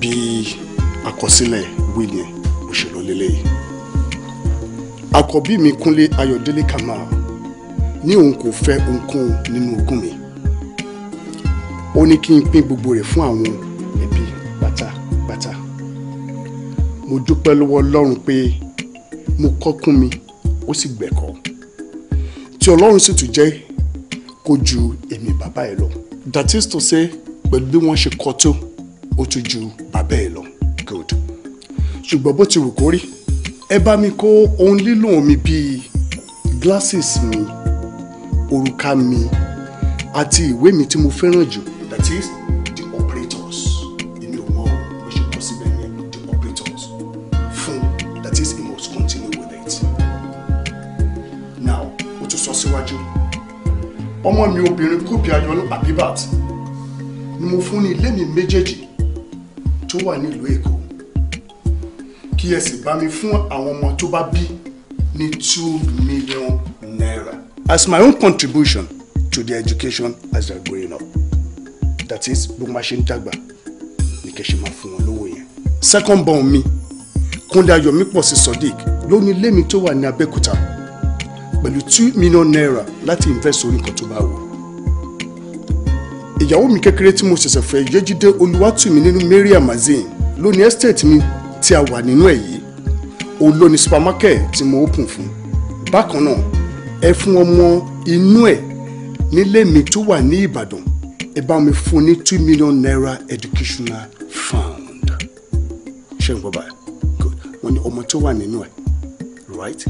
bí àkọsílẹ̀ wíìlì mo ṣe lọ lélẹ́yìí. àkọ́bí mi kúnlé ayọ̀délé kamal ní òun kò fẹ́ ohunkóhun nínú ogún mi ó ní kí n pín gbogbo rẹ̀ fún àwọn ẹbí pátápátá mo dúpẹ́ lọ́wọ́ ọlọ́run pé mo kọ́kún mi ó sì gbẹ̀kọ́ tí ọlọ́run sì tún jẹ́ kó ju èmi bàbá ẹ lọ that is to say pẹ̀lú bí wọ́n ṣe kọ́ tó ó tún ju bàbá ẹ lọ good ṣùgbọ́n bó ti wù kó rí ẹ bá mi kó ohun lílò mi bíi glasses mi òrùka mi àti ìwé mi tí mo fẹ́ràn jù that is ọmọ mi obìnrin kóbi ayọ̀lú abibat ni mo fún ní ilé mi méjèèjì tó wà nílùú èkó kí ẹ sì bá mi fún àwọn ọmọ tó bá bí ní two million naira as my own contribution to their education as they are growing up that is bó ma ṣe ń dàgbà ni kẹ́ ṣe máa fún wọn lówó yẹn. second born mi kúnlẹ̀ ayọ̀mípọ̀ sí sodiq ló ní ilé mi tó wà ní abẹ́òkúta pẹ̀lú two million naira láti invest orí nǹkan tó bá wù. ìyàwó mi kékeré tí mo ṣẹ̀ṣẹ̀ fẹ́ Yéjídé Olúwatúnmí nínú Mary amazin ló ní estate mi tí a wà nínú ẹ̀ yìí òun ló ní supermarket tí mo open fún. bákan náà ẹ fún ọmọ inú ẹ̀ nílé mi tó wà ní Ìbàdàn ẹ bá mi fún ní two million naira educational fund ṣé n gbọ́ báyìí good wọ́n ní ọmọ tó wà nínú ẹ̀ right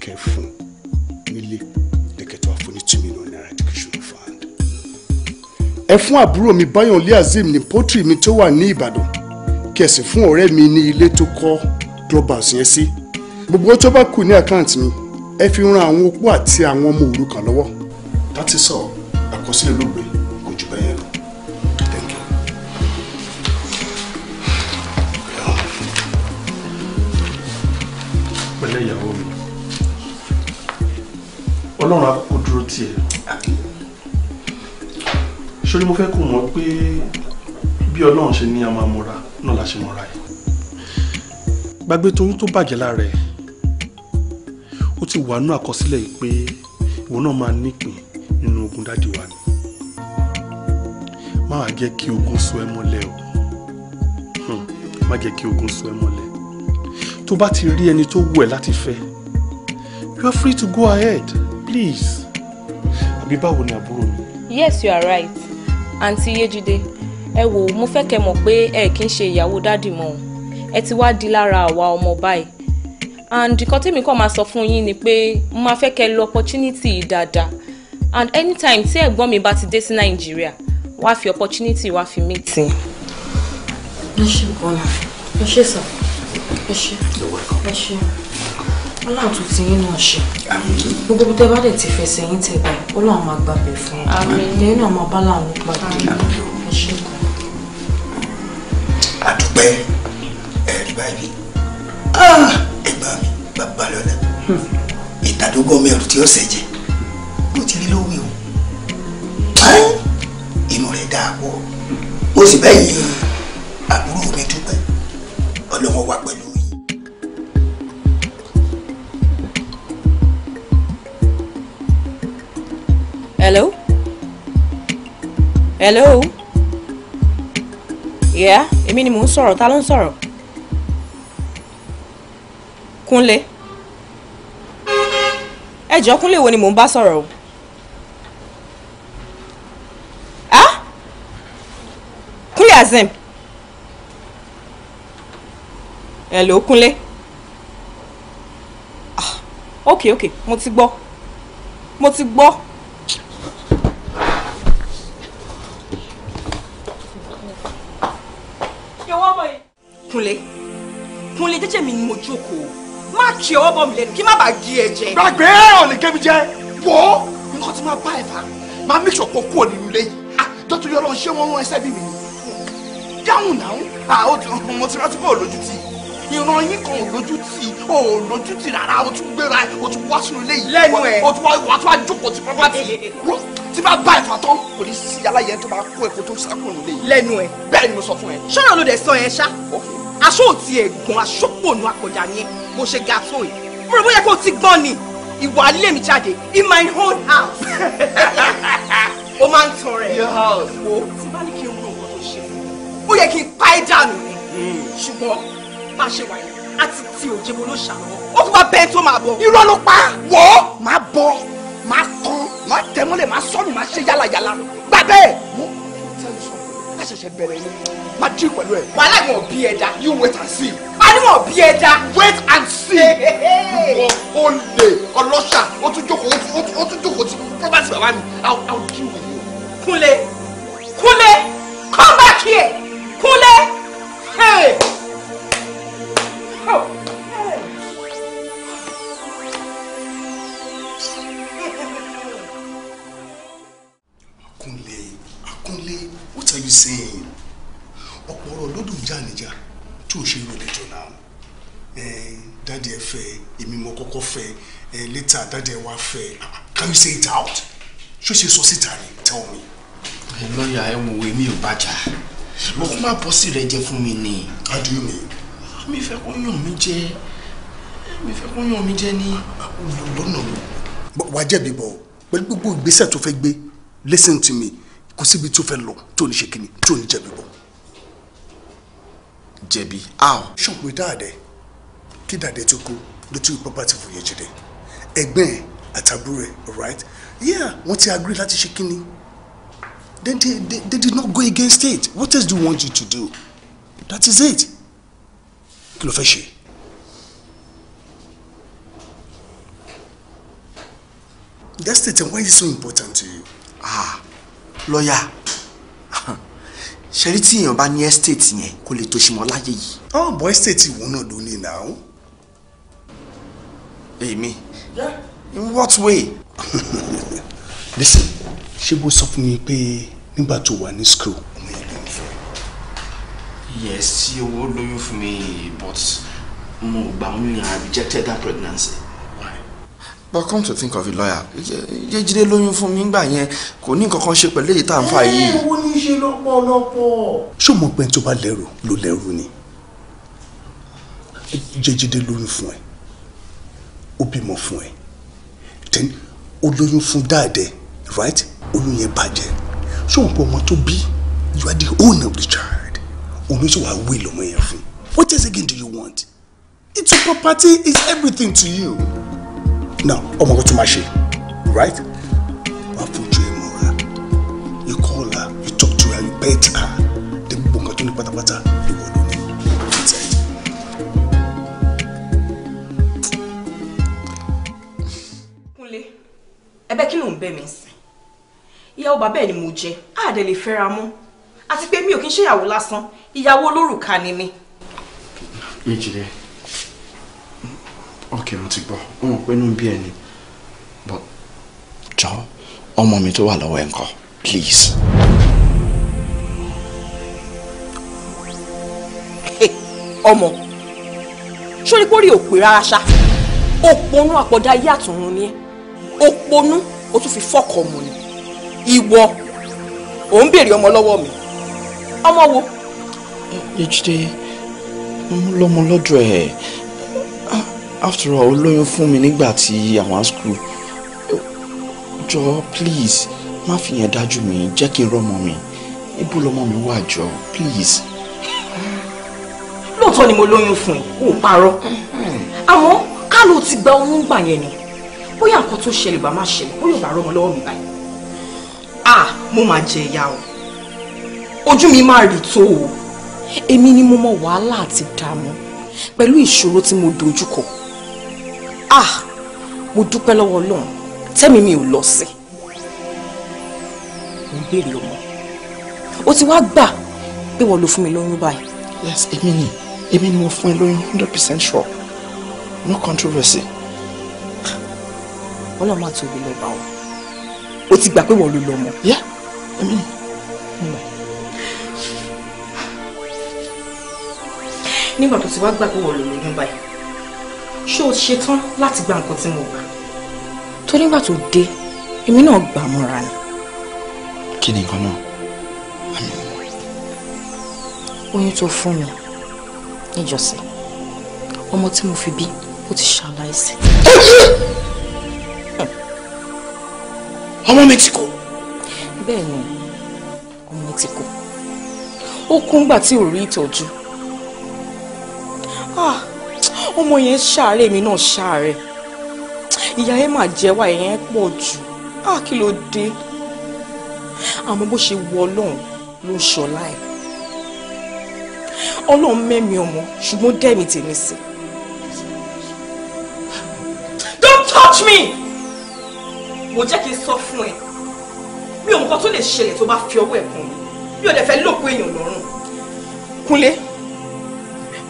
kẹ́ fún un. ẹ fún àbúrò mi Báyọ̀nlé Azeem ní pọ́tìrì mi tó wà ní Ìbàdàn kí ẹ sì fún ọ̀rẹ́ mi ní ilé tó kọ́ clubhouse yẹn sí gbogbo tó bá kù ní àkáǹtì mi ẹ fi ran àwọn opó àti àwọn ọmọ òrukàn lọ́wọ́. láti sọ àkọsílẹ̀ olóògbé kò jù bẹ́ẹ̀ yẹn lọ. Thank you. pẹ̀lẹ́ ìyàwó mi ọlọ́run á kó dúró tiẹ̀ ṣorí mo fẹ́ kó mọ̀ pé bí ọlọ́run ṣe ní a máa mọ́ra náà la ṣe mọ́ra yìí gbàgbé toyún tó bàjẹ́ lára ẹ̀ ó ti wà nú àkọsílẹ̀ yìí pé ìwọ náà máa nípìn nínú ogun dáàdì wa ni má wàá jẹ́ kí ogun sọ ẹ́ mọ́lẹ̀ o má jẹ́ kí ogun sọ hmm, ẹ́ mọ́lẹ̀ tó bá ti rí ẹni tó wù ẹ́ láti fẹ́ you are free to go ahead please àbí báwo ni àbúrò mi. yes you are right àǹtí yéjídé ẹ wò mo fẹ́ kẹ́ mọ̀ pé ẹ kì í ṣe ìyàwó dádì mọ́ o ẹ ti wá di lára àwa ọmọ báyìí and nǹkan tèmi kàn máa sọ fún yín ni pé mo máa fẹ́ kẹ́ lo opportunity yìí dáadáa and anytime tí ẹ̀gbọ́n mi bá ti dé sí nàìjíríà wá fi opportunity wá fi meet. ẹ ṣe gan-an ẹ ṣe sọ ẹ ṣe ẹ ṣe ọlọ́run tún ti yín náà ṣe gbogbo bí tẹ́ bá dẹ̀ ti fẹsẹ̀ yín tẹ̀ bẹ́ẹ̀ ọlọ́run máa gbàgbẹ́ fún yín lẹ́yìn náà máa bá làwọn pàdé ẹ ṣe kù. àdúpẹ́ ẹ̀rí báyìí ah, ẹgbà hmm. mi bàbá lọ́la ìtàdógún ọmọ ẹrù tí ó ṣẹ̀jẹ̀ bó ti rí lówí o inú rẹ̀ dáa pọ̀ ó sì bẹ́yìn àbúrò mi dúpẹ́ ọlọ́wọ́ wa pẹ̀lú. Hello? Hello? Yeah, èmi ni mò ń sọ̀rọ̀, ta ló ń sọ̀rọ̀? Kúnlé. Ẹ Kúnlé wo ni mò ń bá sọ̀rọ̀ o? Ah? Kúnlé Azim. Hello Kúnlé. Ah, okay okay, mo ti gbọ́. Mo ti gbọ́. Kúnlé Kúnlé jẹ́jẹ́ mi ni mo jókòó má kí ọwọ́ bọ̀ mi lẹ́nu kí má bàa gé ẹ jẹ. gbàgbé ò lè gé mi jẹ wò ó nǹkan tí máa bá ẹ fà máa mí sọ̀kò kúrò nínú ilé yìí dọ́tò yọ̀ọ́ lọ ṣé wọ́n rán ẹsẹ̀ bí mi dáhùn náà àwọn ọmọ tí wọ́n ti kọ́ lójú ti. ìran yín kan ò lójú tì ò lójú ti rárá o tún gbéra ẹ o tún wá sínú ilé yìí lẹ́nu ẹ̀ o tún wá wá tún wá jókòó tí bá ti eh, eh, eh. tí bá bá ẹ fà tán kò ní sí aláyẹ tó bá kó ẹ kó tó sákòrò lé yìí lẹ́nu ẹ̀ bẹ́ẹ̀ ni mo sọ fún ẹ. sọ́nà ló dẹ̀ sọ yẹn ṣá. ok aṣọ òtí ẹ̀gbọ́n aṣọ́pọ̀nù akọ̀jà ni mo ṣe ga tó yìí mo rò bóyá kó o ti gbọ́n ni ìwà ilé mi jáde in my own house o máa ń tan rẹ̀ wo tí bá ní kí n ro nǹkan tó ṣe ó yẹ kí n pa ẹ́ dànù hmm. ṣùgbọ́n bá a ṣe wà yìí àti ti òjèbo ló ṣàlọ́wọ́ ó tún bá bẹ́ẹ̀ tó máa bọ̀ irọ́ ló pa wọ́ máa bọ̀ máa kan máa tẹ̀mọ́lẹ̀ máa sọ́nù máa ṣe yálàyàlà gbà bẹ́ẹ̀ ṣẹ̀ṣẹ̀ bẹ̀rẹ̀ ni má dín pẹ̀lú ẹ̀. wàhálà ìwọ̀n bí ẹja. you wait and see. a ní wọn bí ẹja. wait and see. ìwọ olè ọlọ́ṣà ó tún jókòó ó tún jókòó ti property bàbá mi i will deal with you. come back here Kúnlé. Hey. Oh. you saying ọ̀pọ̀ ọ̀rọ̀ lọ́dún ìjà níjà tí ò ṣe rọlẹ̀ jọ náà dáàdi ẹ fẹ́ èmi mo kọ́kọ́ fẹ́ later dáàdi ẹ wá fẹ́ ah, can you say it out ṣó ṣe sọ síta ni tell me. lọ́ọ̀yà ẹ wo èmi ò bàjá mo kún bá bọ́sì rẹ jẹ fún mi ni. how do you mean. mi fẹ́ kó yàn mí jẹ mi fẹ́ kó yàn mí jẹ ní. lọ́nà wo. wàá jẹ̀bi bọ̀ pẹ̀lú gbogbo ìgbésẹ̀ tó fẹ́ gbé listen to me kò síbi tó fẹ́ lọ tó ní ṣe kíni tó ní jẹ̀bi bọ̀. jẹ̀bi how. ṣọ̀pọ̀ dáadẹ́ kí dáadẹ́ tó kú ló tún property fún Yéjídé ẹ̀gbọ́n ẹ̀ àtàbúrò ẹ̀ alright yeah wọ́n ti agree láti ṣe kíni then they, they they did not go against it what else do you want you to do that is it kí ló fẹ́ ṣe. that statement why is it so important to you. ah lọ́ọ̀yà ṣe rí tí èèyàn bá ní estate yẹn kó lè tó ṣìmọ́ láyé yìí. ọ̀ bọ́ estate ìwọ náà ló ní ìlà èmi in what way. listen ṣé bó sọ fún mi pé nígbà tó wà ní school ọmọ yẹn ló ń fẹ́. yes tí owó lóyún fún mi but mo gbà wọn ní i rejected that pregnancy but come to think of it lawyer Yéjídé lóyún fún mi ngbà yẹn kò ní nǹkan kan ṣe pẹ̀lú èyí tá à ń fà yìí. ẹ wo ni ṣe lọ́pọ̀lọpọ̀. ṣó mo pẹ́ tó bá lẹ́rù ló lẹ́rù ni Yéjídé lóyún fún ẹ ó bímọ fún ẹ then ó lóyún fún dáadẹ right oyún yẹn bàjẹ́ ṣó mo pẹ́ ọmọ tó bí you are the owner of the child òun ṣe wàá wí lọ́mọ yẹn fún what else again do you want it's your property it's everything to you now ọmọ kan tún máa ṣe right wà fojú ẹ mọ́ra you call her you talk to her you bet her dem gbogbo nǹkan tó ní pátápátá ìwọ ló ní ìtẹ́. kúnlé ẹ̀bẹ̀ kí ló ń bẹ̀ mí sí ìyàwó bàbá ẹ̀ ni mo jẹ́ àdẹ lè fẹ́ra mọ́ àti pé mi ò kí ń ṣèyàwó lásán ìyàwó olórùka ni mi. ìjìnlẹ̀ ok mo ti gbọ́ wọn ò pé inú bí ẹni but. jọ ọmọ mi tó wà lọ́wọ́ ẹ̀ ń kọ́ please. ọmọ sórí pórí ò pè rárá ṣá òpònú àpọ̀dá ayé àtọ̀run ni ẹ òpònú ó tún fi fọ́ọ̀kọ̀ ọmọ ni ìwọ ò ń béèrè ọmọ lọ́wọ́ mi ọmọ wo. Èjìdé mo lọ́mọ lọ́dọ̀ ẹ̀ after all olóyún fún mi nígbà tí àwọn school jọ please má fi yẹn dájú mi jẹ́ kí n rọ́mọ mi ibo lọmọ mi wà jọ please. lóòótọ́ ni mo lóyún fún ẹ ò parọ́ àmọ́ kálò ti gba oyún gbà yẹn ni bóyá nǹkan tó ṣẹlẹ̀ bá má ṣẹlẹ̀ bóyá ò bá rọ́mọ lọ́wọ́ mi báyìí ah mo máa jẹ ìyá o ojú mi máa rì tó o èmi ni mo mọ wàhálà àti dààmú pẹ̀lú ìṣòro tí mo dojúkọ ah mo dúpẹ́ lọ́wọ́ ọlọ́run tẹ́mi mi ò lọ sí mo béèrè ọmọ o ti wá gbà pé wọ́n ló fún mi lóyún báyìí. yes èmi ni èmi ni mo fún ẹ lóyún hundred percent sure no controversy. ọlọ́run máa tóbi lọ́ba o o ti gbà pé wọ́n ló lọ́mọ. yeah èmi ni. nígbà tó ti wá gbà pé wọ́n ló lóyún báyìí ṣé o ṣetán láti gba nǹkan tí mo gbà. tó nígbà tó dé èmi náà gbà mọ́ra ni. kí ni nǹkan náà àmì ìmọ̀ rẹ̀. oyún tó fún mi níjọ́sìn ọmọ tí mo fi bí ó ti ṣaláìsí. ọmọ mi ti kú. bẹ́ẹ̀ ni ọmọ ti kú ó kú ńgbà tí ò rí ìtọ́jú. ah ọmọ yẹn ṣàárẹ̀ mi náà ṣàárẹ̀ ìyá ẹ mà jẹ́wà yẹn pọ̀ jù á kí ló dé àmọ́ bó ṣe wọ ọlọ́run ló ń ṣọlá ẹ̀ ọlọ́run mẹ́mi ọmọ ṣùgbọ́n dẹ́mi tèmi sí. don't touch me mo jẹ́ kí n sọ fún ẹ mi ò mọ̀ kan tó lè ṣẹlẹ̀ tó bá fi ọwọ́ ẹ̀ kàn mí mi ò dẹ̀ fẹ́ lóko èèyàn lọ́rùn kúnlé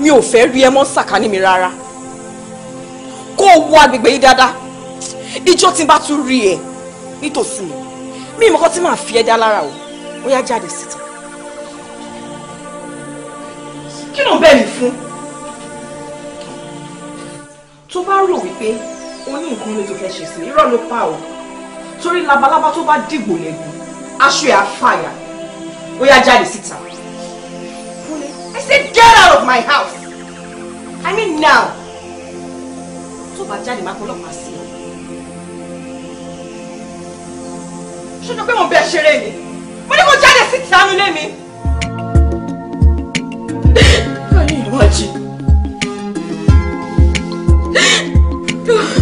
mi ò fẹ́ rí ẹ mọ́ sàkání mi rárá kó o wo agbègbè yìí dáadáa ìjọ tí n bá tún rí ẹ nítòsí mi mi ìmọ̀kọ́ tí màá fi ẹ dá lára o ó yá jáde síta. kí ló ń bẹ̀ mí fún? tó bá rò wípé o ní nǹkan ló tó fẹ́ ṣe sí irọ́ ló pa o torí labalábá tó bá dìgbò lẹ́gùn aṣọ ẹ̀ á fàyà ó yá jáde síta said get out of my house. I mean now. So bad, jáde máa kọ́ lọ́pàá sí ọ. Ṣé o be mo bẹ ṣeré ni? Mo ní kó jáde sí tìánu lé mi. Báyìí ìwádìí.